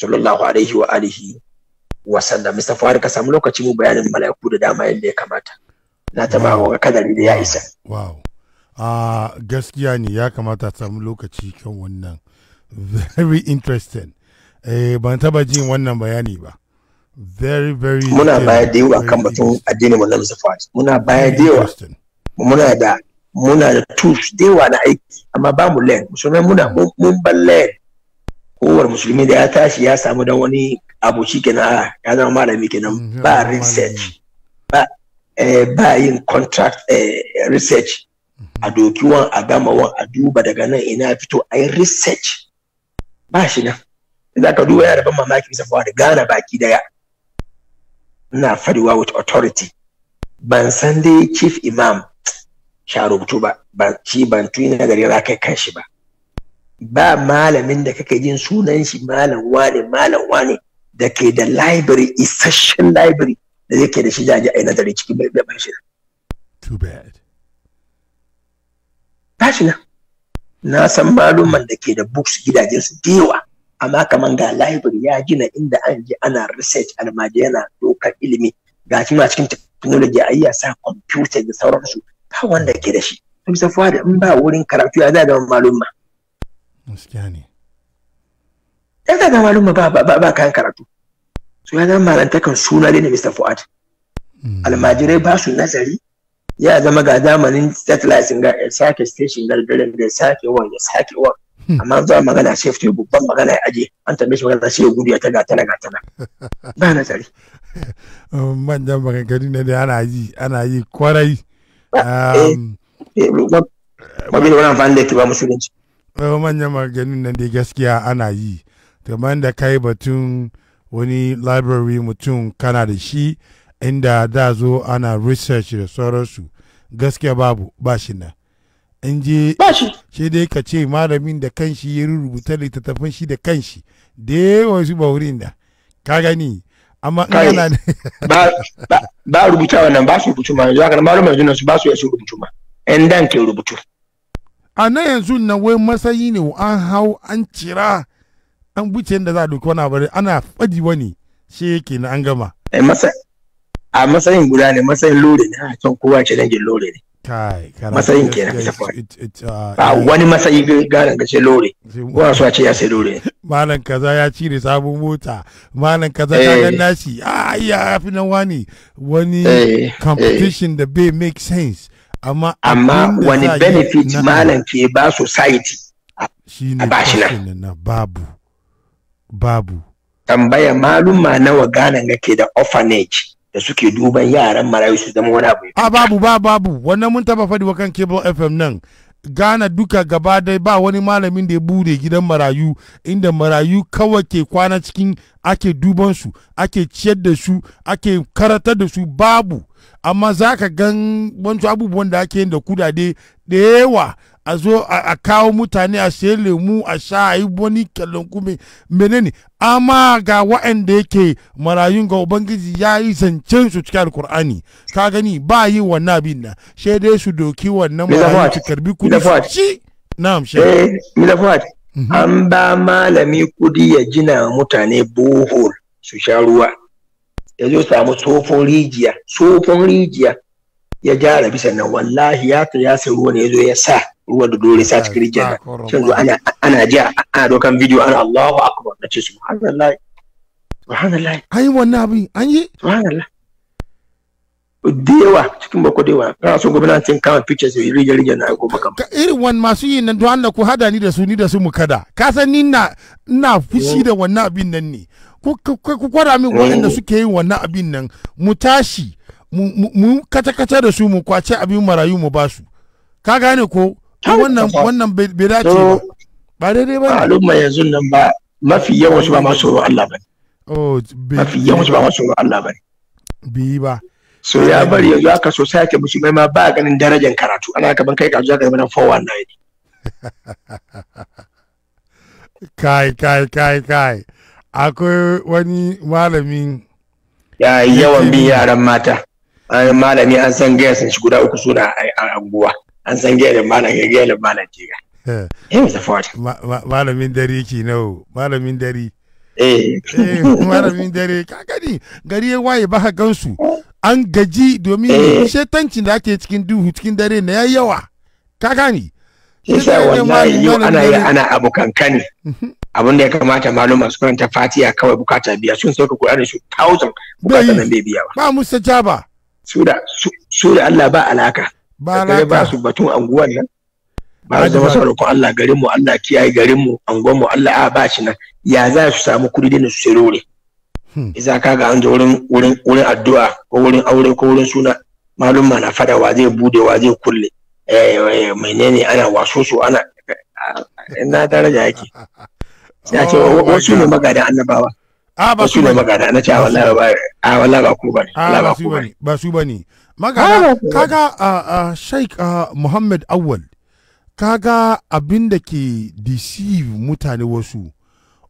sallallahu alaihi wa alihi wa sallam mustafa ka samu lokaci mu bayanin mala'iku da dama yadda ya kamata na ta ba wa kadari da ya isa
wow a gaskiya ne ya kamata samu lokaci kan wannan very interesting eh ban taba jin wannan bayani ba very very
muna bayar da yawa kan batun addini mu na muna bayar da yawa muna da muna da tush da yawa na aiki amma ba mu len musulmai muna mun balle kowar musulmi da ya tashi ya samu da wani abu shi kenan ya zama malami kenan mm-hmm, ba research ba Eh, ba yin contract eh, research a mhm. doki wan a gama wan a duba daga nan ina fito a yi research ba shi nan za ka duba yana ban mamaki bisa fawa da gana baki daya ina fariwa with authority ban san dai chief imam sha rubutu ba ban shi ban tuni na gari kai kan shi ba ba malamin da kake jin sunan shi malam wane malam wane da ke da library isasshen library da yake da shi jaje a yi nazari cikin gaban shi too bad tashi na na san maluman da ke da books gidajen su yawa amma kaman ga library ya gina inda an ji ana research almajiri, yana dokar ilimi ga shi ma cikin technology a iya sa computer da sauransu ba wanda ke da shi sun san fa in ba wurin karatu ya za da malumma gaskiya ne ya za da malumma ba ba kayan karatu to ya zama malantakan suna dai na Mr. Fuad hmm. almajirai ba su nazari ya zama ga zamanin satellite ga ya sake station gargarin da ya sake wan ya sake wan hmm. amma za magana safety babban magana ya aje an tambaye shi magana sai ya gudu ya ta gatana gatana ba nazari
um, manyan maganganu ne da ana yi ana yi kwarai eh, mabin
um, eh, wani amfani da kiba ba musulunci
eh, manyan maganganu ne da gaskiya ana yi kamar da kai batun wani library mutum kana da shi inda da zo ana research da sauransu gaskiya babu ba shi na in je shi dai ka ce malamin da kanshi ya rubuta littattafan shi da kanshi da yawan su ba wurin da ka gani amma in
ba rubuta wannan ba su rubutu ma yanzu haka malamin yanzu su ba su yasu rubutu ma ɗan dan ke rubutu
a na yanzu na wai matsayi ne an hau an cira an wuce yadda za a doki wani abu ana faɗi wani shi yake na an gama.
a matsayin guda ne matsayin lore ne a can kowa ce dangin lore ne. matsayin kenan ita kawai a wani matsayi ganin ga ce lore ko a ce ya sai lore
malam kaza ya cire sabon mota malam kaza ya eh. ga nashi a ya fi nan wani wani eh. Eh. competition da bai make sense amma amma wani benefit malam
ke ba society a bashi na babu babu tambaya maluma nawa ganan ke da orphanage da suke duban yaran marayu su zama wani abu
a babu ba babu wannan mun taba faɗi wa kan cable fm nan Ghana duka gaba dai ba wani malamin da ya bude gidan marayu inda marayu kawai ke kwana cikin ake duban su ake ciyar da su ake karatar da su babu amma za ka gan wancan abubuwan da ake yin da kudade da yawa a zo a kawo mutane a sayi lemu a sha a yi wani kyallon kume menene amma ga waɗanda yake marayun ga ubangiji ya yi zancen su cikin alkur'ani ka gani ba yi wannan abin na sai dai su doki wannan marayun
ci karbi kudi su ci amshe an ba malami kudi ya jina mutane bohol su sha ruwa ya zo samu tsofon rijiya tsofon rijiya ya jara bisa na wallahi ya ta ya ruwa ne ya zo ya sa ruwan da dole sa cikin kenan shin zo ana ana ji ana dokan video ana Allahu akbar da ce subhanallah subhanallah ai wannan abin an yi subhanallah Dewa cikin bako da yawa kana so gwamnatin kama pictures yi rige rige na ko maka ka
irin wan masu yin nan don Allah ku hada ni da su ni da su mu kada ka san ni na ina fushi da wannan abin nan ne ku ku min waɗanda mm. suke yin wannan abin nan mu tashi mu kata kata da su mu kwace abin marayu mu ba su ka gane ko wannan wannan bai dace ba ba daidai ba al'umma yanzu
nan ba mafi yawan su ba masu tsoron Allah ba
oh, mafi yawan su
ba masu tsoron Allah ba bi ba so ya bari yanzu aka so sake musu mai ma ba ganin darajar karatu ana gaban kai ka zo ka gaban 419
kai kai kai kai akwai wani malami
ya yawan bin yaran mata malami an san gaya sun shi guda uku suna a anguwa an san gelin malam ya gelin malam ga eh
mr ford malamin dare ki nawo malamin dare eh. eh malamin dare ka gani gari ya waye ba ka gansu an gaji domin eh. shetancin da ake cikin duhu cikin dare na yayi yawa
ka gani yasa wallahi yau ana yi ana abu kankani mhm. abin da ya kamata maluma su karanta fatiya kawai bukata biya sun sauka da su thousand bukata nan bai biya ba ba Jaba. su da su da Allah ba alaka ba la ba su batun anguwan nan ba su zama sauran Allah garin mu Allah kiyaye garin mu anguwan mu Allah a ba shi nan ya za su samu kudi da su sirore hmm. idan ka ga an je wurin wurin wurin addu'a ko wurin aure ko wurin suna malum ma na fada wa zai bude wa zai kulle eh, eh ne ana waso su ana na daraja yake Ya ce oh wasu ne magadan annabawa a ah, ba su ne magadan na ce ah, wallahi ba a ah, wallahi ba ku bane ba
su ba su magana kaga uh, uh, sheik uh, muhammad awal kaga abin da ke deceive mutane wasu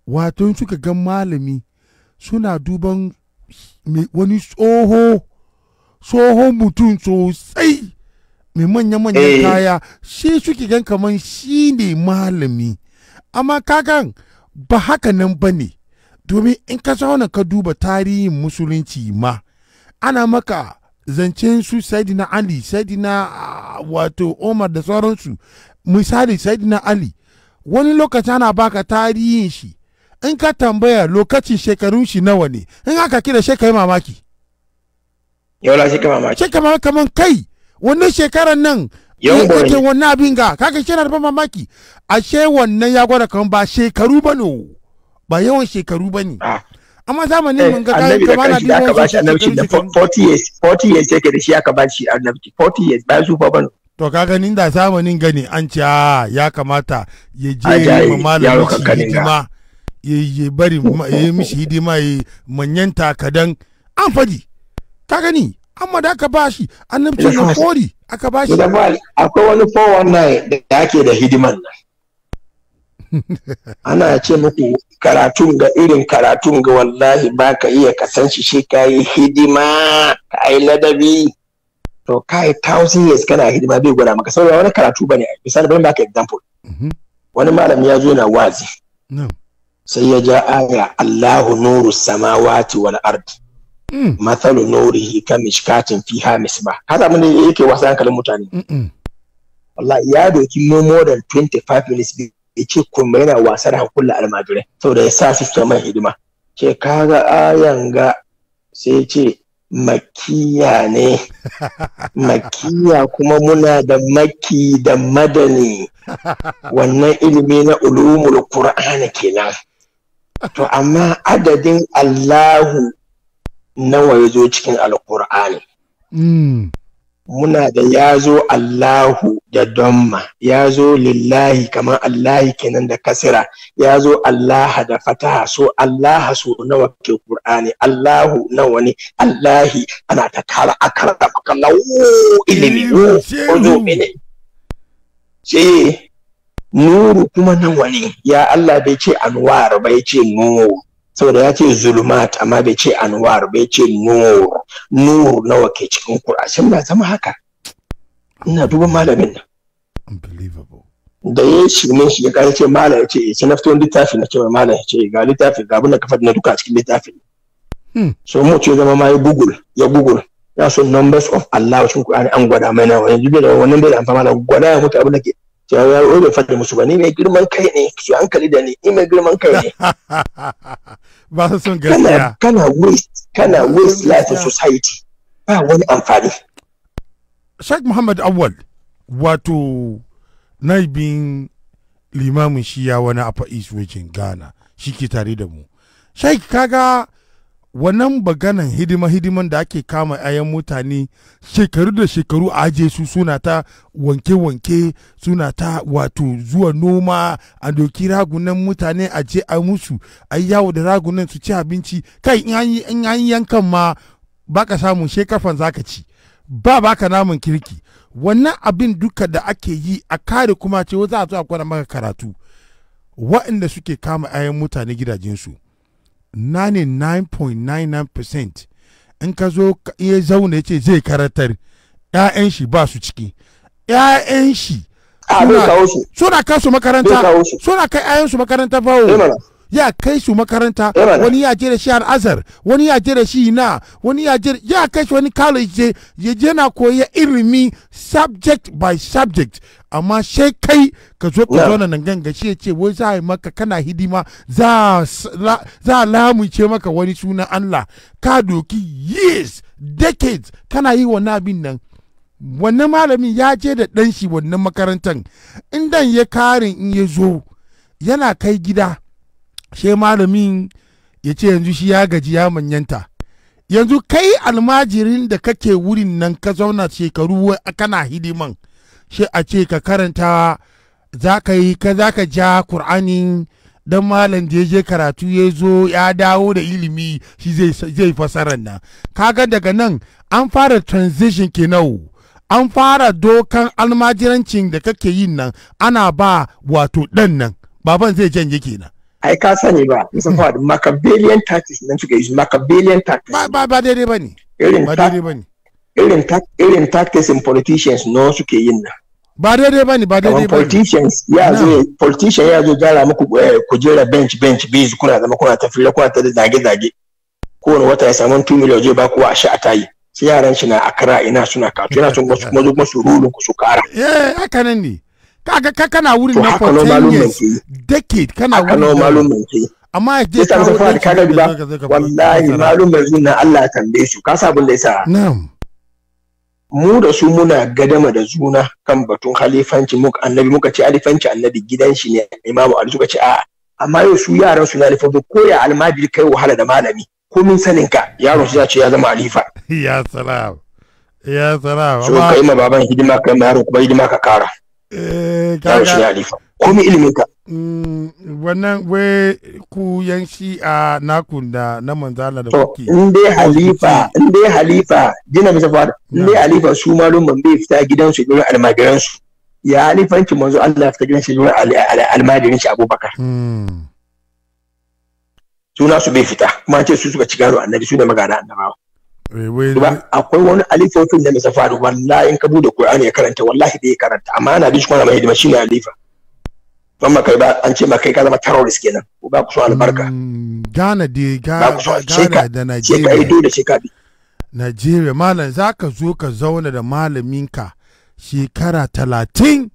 wato suka gan malami suna duban wani tsoho tsoho mutum sosai mai manya-manyan eh. kaya shi suke gan kamar shi ne malami amma kagan ba haka nan ba ne domin in ka zauna ka duba tarihin musulunci ma ana maka zancen su saidina ali saidina ah, wato omar da sauransu misali saidina ali wani lokaci ana baka tarihin shi in ka tambaya lokacin shekarun shi nawa ne in aka kira shekai mamaki
yaula shekai mamaki
shekai mamaki kaman kai wannan shekaran nan yan kake wannan abin ga kaka shi ba mamaki ashe wannan ya gwada kan ba shekaru ba
ne ba yawan shekaru ba ne ah.
amma zamanin eh, mun ga kai da kanshi da ka bashi annabci
da 40 years 40 years yake da shi aka bashi annabci 40 years bayan su fa to ka
ganin da zamanin gani an ce ah, ya kamata ya je mu malamin shi hidima ya bari ya mishi hidima ya manyanta kadan an fadi ka gani amma da aka bashi annabci na 40 aka bashi
akwai wani 419 da yake da hidiman nan ana ce muku karatun ga irin karatun ga wallahi ba ka iya kasance shi ka yi hidima ka yi ladabi to ka yi thousand years kana hidima bai gwada maka saboda wani karatu ba ne misali bari baka example mhm. wani malami ya zo na wazi sai ya ja aya Allahu nuru samawati wal ardi mm. mathalu nurihi ka mishkatin fiha misbah ba. abin yake wasa hankalin mutane wallahi ya doki no more than 25 minutes ya ce kuma yana wasar da almajirai saboda ya sa su mai hidima ce kaga ayan ga sai ce makiya ne makiya kuma muna da maki da madani wannan ilimi na ulumul qur'ani kenan to amma adadin allahu nawa ya zo cikin alkur'ani hmm. muna da ya zo Allahu da donma ya zo lillahi kamar Allahi kenan da kasira ya zo Allah da fataha so Allah so nawa ke Qur'ani Allahu nawa ne Allahi ana ta kara akara kalla ilimi ozo oh, mene ce nuru kuma nawa ne ya Allah bai ce anwar bai ce nuru saboda ya ce zulumat amma bai ce anwar bai ce nur nur nawa ke cikin qur'ani sai muna zama haka ina duba malamin nan unbelievable da ya shi min shi ya kare ce malam ya ce eh, sai na fito littafi na cewa malam ya ce ga littafi ga abin da kafa na duka cikin littafi hmm. so mu ce zama ma ya google ya google ya so numbers of Allah cikin qur'ani an gwada mai na yanzu bai da wannan bai da amfani gwada ya mutu abin da ke ya ya wai bai faɗi musu ba ni mai girman kai ne ki hankali da ni ni mai girman kai ne ba su son gaskiya kana waste kana waste life
society ba wani amfani Sheikh Muhammad awwal wato naibin limamin shi ya wani afa East Region Ghana shi ke tare da mu Sheikh kaga wannan baganan hidima-hidiman da ake kama 'ya'yan mutane shekaru da shekaru a aje su suna ta wanke-wanke suna ta wato zuwa noma a doki ragunan mutane a je a musu a yawo da ragunan su ci abinci kai in an yankan ma baka samun shekafan zaka ci ba baka namun kirki wannan abin duka da ake yi a kare kuma ce za a zo a maka karatu waɗanda suke kama 'ya'yan mutane gidajensu 99.99% in ka zo iya zauna ya ce zai karatar 'ya'yan shi ba su ciki 'ya'yan shi suna kai su makaranta suna kai 'ya'yan su makaranta bawo eh, ya kai su makaranta eh, wani ya je da shi an azar wani ya je da shi na wani ya je ya kai shi wani college je ya je na koya ilimi subject by subject amma sai kai ka zo ka zauna nan ganga shi ya ce wai za a maka kana hidima za a lamuce maka wani sunan Allah ka doki years decades kana yi wannan abin nan wannan malamin ya je da dan shi wannan makarantar in dan ya karin in ya zo yana kai gida she malamin ya ce yanzu shi ya gaji ya manyanta yanzu kai almajirin da kake wurin nan ka zauna shekaru kana hidiman shi a ce ka karanta za ka yi ka za ka ja ƙur'ani don malam da ya je karatu ya zo ya dawo da ilimi shi zai fasarar nan kaga daga nan an fara transition kenan an fara dokan almajirancin da kake yin nan ana ba wato dan nan baban zai janye kenan ai
ka sani ba musa fawad machiavellian tactics nan suka yi machiavellian tactics ba ba daidai irin ba ne irin irin tactics in politicians no suke yin nan ba daidai ba ne ba daidai ba politicians ya zo politician ya zo gara muku eh, kujera bench bench base kuna zama kuna tafi fila kuna ta zage zage kowane wata ya samu 2 million zai ba kuwa a sha a tayi sai yaran shi na akara ina suna kato yana son wasu kuma zo masu rulun ku su kara eh haka nan ne
kaga ka kana wurin na for 10 years
decade kana wurin haka malum amma ya je ka kaga ba wallahi malum manzo na Allah ya tambaye su ka sabun da yasa na'am mu da su muna gadama da juna kan batun halifanci muka annabi muka ce halifanci annabi gidan shi ne imamu ali suka ce a amma yau su yaran su na halifanci ko ya almajiri kai wahala da malami ko min sanin ka yaron su ya ce ya zama halifa ya salam ya salam so kai ma baban hidima kai ma yaron kuma hidima ka kara
eh
alifa. ko min ilimin ka
wannan wai ku yan shi'a naku da na manzala da kuke in dai halifa
in dai halifa jina masa fada in dai halifa su malumman bai fita gidansu don su ya ki manzo Allah fita gidansu don almajiran shi Abubakar suna hmm. su bai fita kuma ce su suka ci gado annabi su ne magana annabawa eh, akwai wani alifofin da masa faru wallahi in ka bude Qur'ani ya karanta wallahi bai karanta amma ana bin shi kuma mai hidima shi ne alifa ban ba kai ba an ce ma kai ka zama terrorist kenan ko ba ku so albarka
mm, Ghana de Ghana da Nigeria sai ka ido da sai ka bi Nigeria malam zaka zo ka zauna da malaminka shekara talatin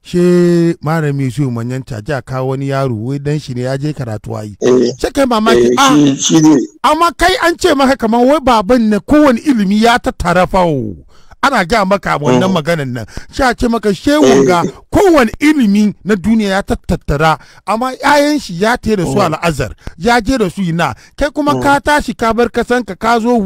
she malami su manyan ta ja ka wani yaro wai dan shi ne ya je
karatu ayi eh. sai
kai mamaki eh, a ah, amma kai an ce maka kamar wai baban ne kowane ilimi ya ta tarafa oh. ana gaya maka wannan mm. maganan nan shi a ce maka shewun ga eh. kowane ilimi na duniya ya tattattara amma 'ya'yan shi ya tere su mm. al'azar ya je da su ina kai kuma mm. ka tashi ka bar kasan ka ka zo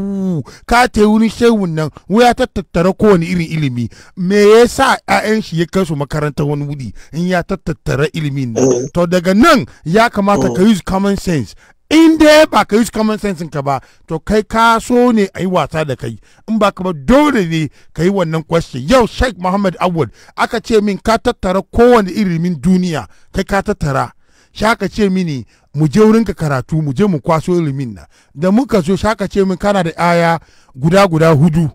ka te wurin shewun nan wuya tattattara kowane irin ilimi me yasa 'ya'yan shi ya kai makarantar wani wuri in ya tattattara ilimin nan to daga nan ya kamata ka use common sense in dai ba ka yi common sense ka ba to kai ka so ne a yi wasa da kai in ba ka ba dole ne ka yi wannan question yau sheikh muhammad awad aka ce min ka tattara kowane ilimin duniya kai ka tattara shaka ce mini mu je wurin ka karatu mu je mu kwaso ilimin na da muka so shaka ce min kana da aya guda guda hudu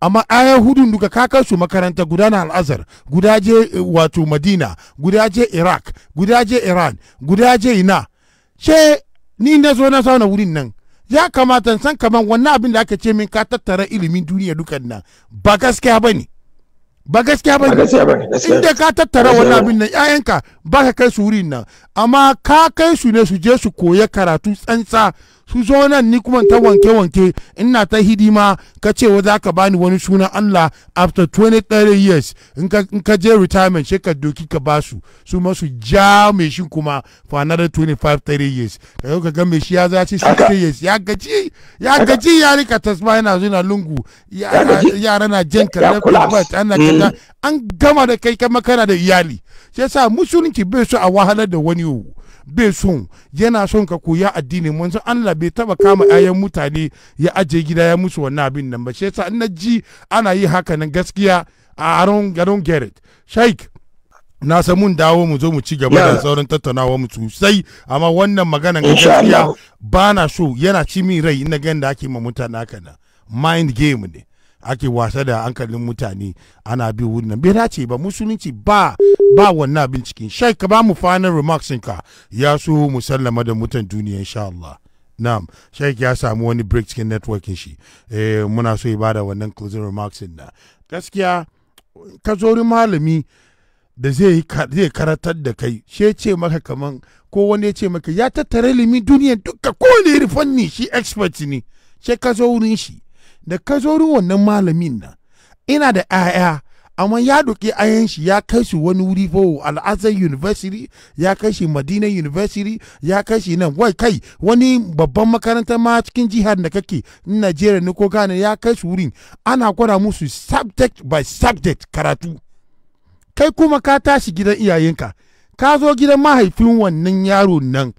amma aya hudun duka ka kai su makaranta guda na al'azar guda je eh, wato madina guda je iraq guda je iran guda je ina ce ni na zo na sauna wurin nan ya kamata san kaman wannan abin da aka ce min ka tattara ilimin duniya dukan na ba gaskiya ba ba gaskiya ba ne inda ka tattara wannan abin nan ƴaƴanka ba ka kai su wurin nan amma ka kai su ne su je su koya karatu tsantsa su zo nan ni kuma ta wanke-wanke ina ta hidima ka ce wa za ka bani wani suna Allah after 23 years in ka je retirement sai ka doki ka ba su su masu ja mai shi kuma for another 25 30 years ka yau ka ga mai shi ya za ci 60 years ya gaji ya gaji ya rika tasma yana zuna lungu yara na jan ka mm. an gama da kai kama kana da iyali sai sa musulunci bai so a wahalar da wani yau bai son yana son ka koya addini manzo Allah bai taba kama ayan mutane ya aje gida ya musu wannan abin nan ba shi yasa in ji ana yi haka nan gaskiya a aron garon Gerrit Sheikh na san mun dawo mu zo mu ci gaba da sauran tattaunawa mu sosai amma wannan maganan gaskiya bana so yana ci min rai ina ganin da ake ma mutane haka na mind game ne ake wasa da hankalin mutane ana bi wurin nan bai dace ba musulunci ba ba wannan abin cikin shai ka ba mu final remarks ka ya so mu sallama da mutan duniya insha Allah na'am shai ya samu wani break cikin networking shi eh muna so ya bada wannan closing remarks din na gaskiya ka zo malami da zai zai karatar da kai she ce maka kaman ko wani ya ce maka ya tattara ilimi duniya duka ko ne fanni shi expert ne she ka zo wurin shi da ka zo wannan malamin nan ina da 'ya'ya amma ya doke ayan shi ya kai shi wani wuri fo al'azhar university ya kai shi madina university ya kai shi nan wai kai wani babban makarantar ma cikin jihar da kake najeriya ne ko ghana ya kai shi wurin ana gwada musu subject by subject karatu kai kuma ka tashi gidan iyayenka ka zo gidan mahaifin wannan yaro nan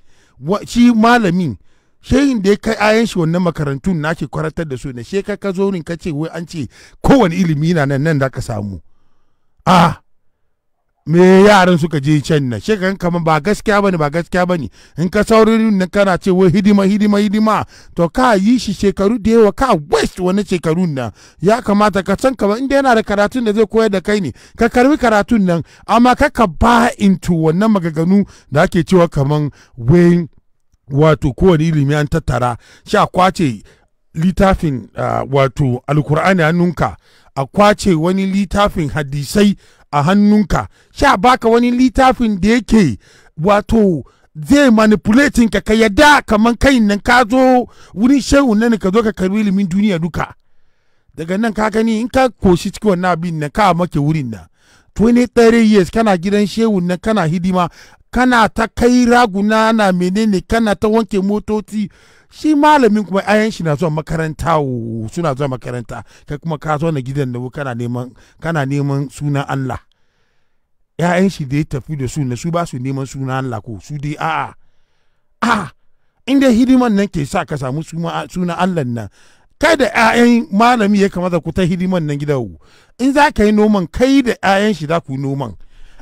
shi malamin shehin da ya kai ayan shi wannan makarantun na ke kwaratar da su ne she ka zo nin ka ce wai an ce kowane ilimi na nan nan da ka samu a me yaran suka je can na she kan kama ba gaskiya bane ba gaskiya bane in ka saurin nan kana ce wai hidima hidima hidima to ka yi shi shekaru da yawa ka waste wani shekarun nan ya kamata ka san kama inda yana da karatun da zai koyar da kai ne ka karbi karatun nan amma ka ka ba into wannan magaganu da ake cewa kaman wayin wato kowane ilimi an tattara sha kwace littafin wato alkur'ani hannunka a kwace wani littafin hadisai a hannunka sha baka wani littafin da yake wato zai manipulatin ka ka yadda kamar kai nan ka zo wurin shehu nan ka zo ka karbi ilimin duniya duka daga nan ka gani in ka koshi cikin wannan abin nan ka make wurin nan 20-30 years kana gidan shehu nan kana hidima kana ta kai raguna na menene kana ta wanke motoci shi malamin kuma ayan shi na zuwa makaranta oh, suna zuwa makaranta kai kuma ka zo na gidan da kana neman kana neman sunan Allah ‘ya'yan shi da ya tafi da su na su ba su neman suna Allah ko su dai a'a a inda hidiman nan ke sa ka samu suna Allah nan kai da ‘ya'yan malami ya kamata ku ta hidiman nan gida oh. in za ka yi noman kai da 'ya'yan shi za ku yi noman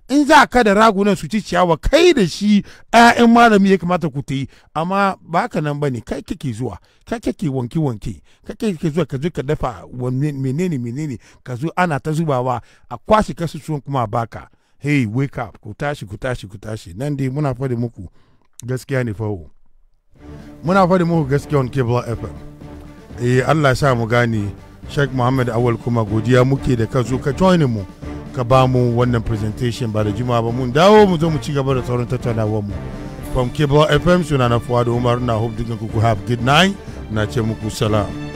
in za ka da ragunan su ci ciyawa kai da shi 'ya'yan malami ya kamata ku ta yi amma ba ka nan ba ne kai kake zuwa kai kake wanke wanke kai kake zuwa ka zo ka dafa menene menene ka zo ana ta zubawa a kwashe kasu suwan kuma baka hey wake up ku tashi ku tashi ku tashi nan dai muna fadi muku gaskiya ne fawo muna fadi muku gaskiya on cable fm eh Allah ya sa mu gani. sheikh muhammad awal kuma godiya muke da ka ka join mu ka ba mu wannan presentation ba da juma'a ba mun dawo mu zo mu ci gaba da sauran tattaunawar mu from Kibo fm suna na Fuad umar na hope dukan ku have good night na ce muku salam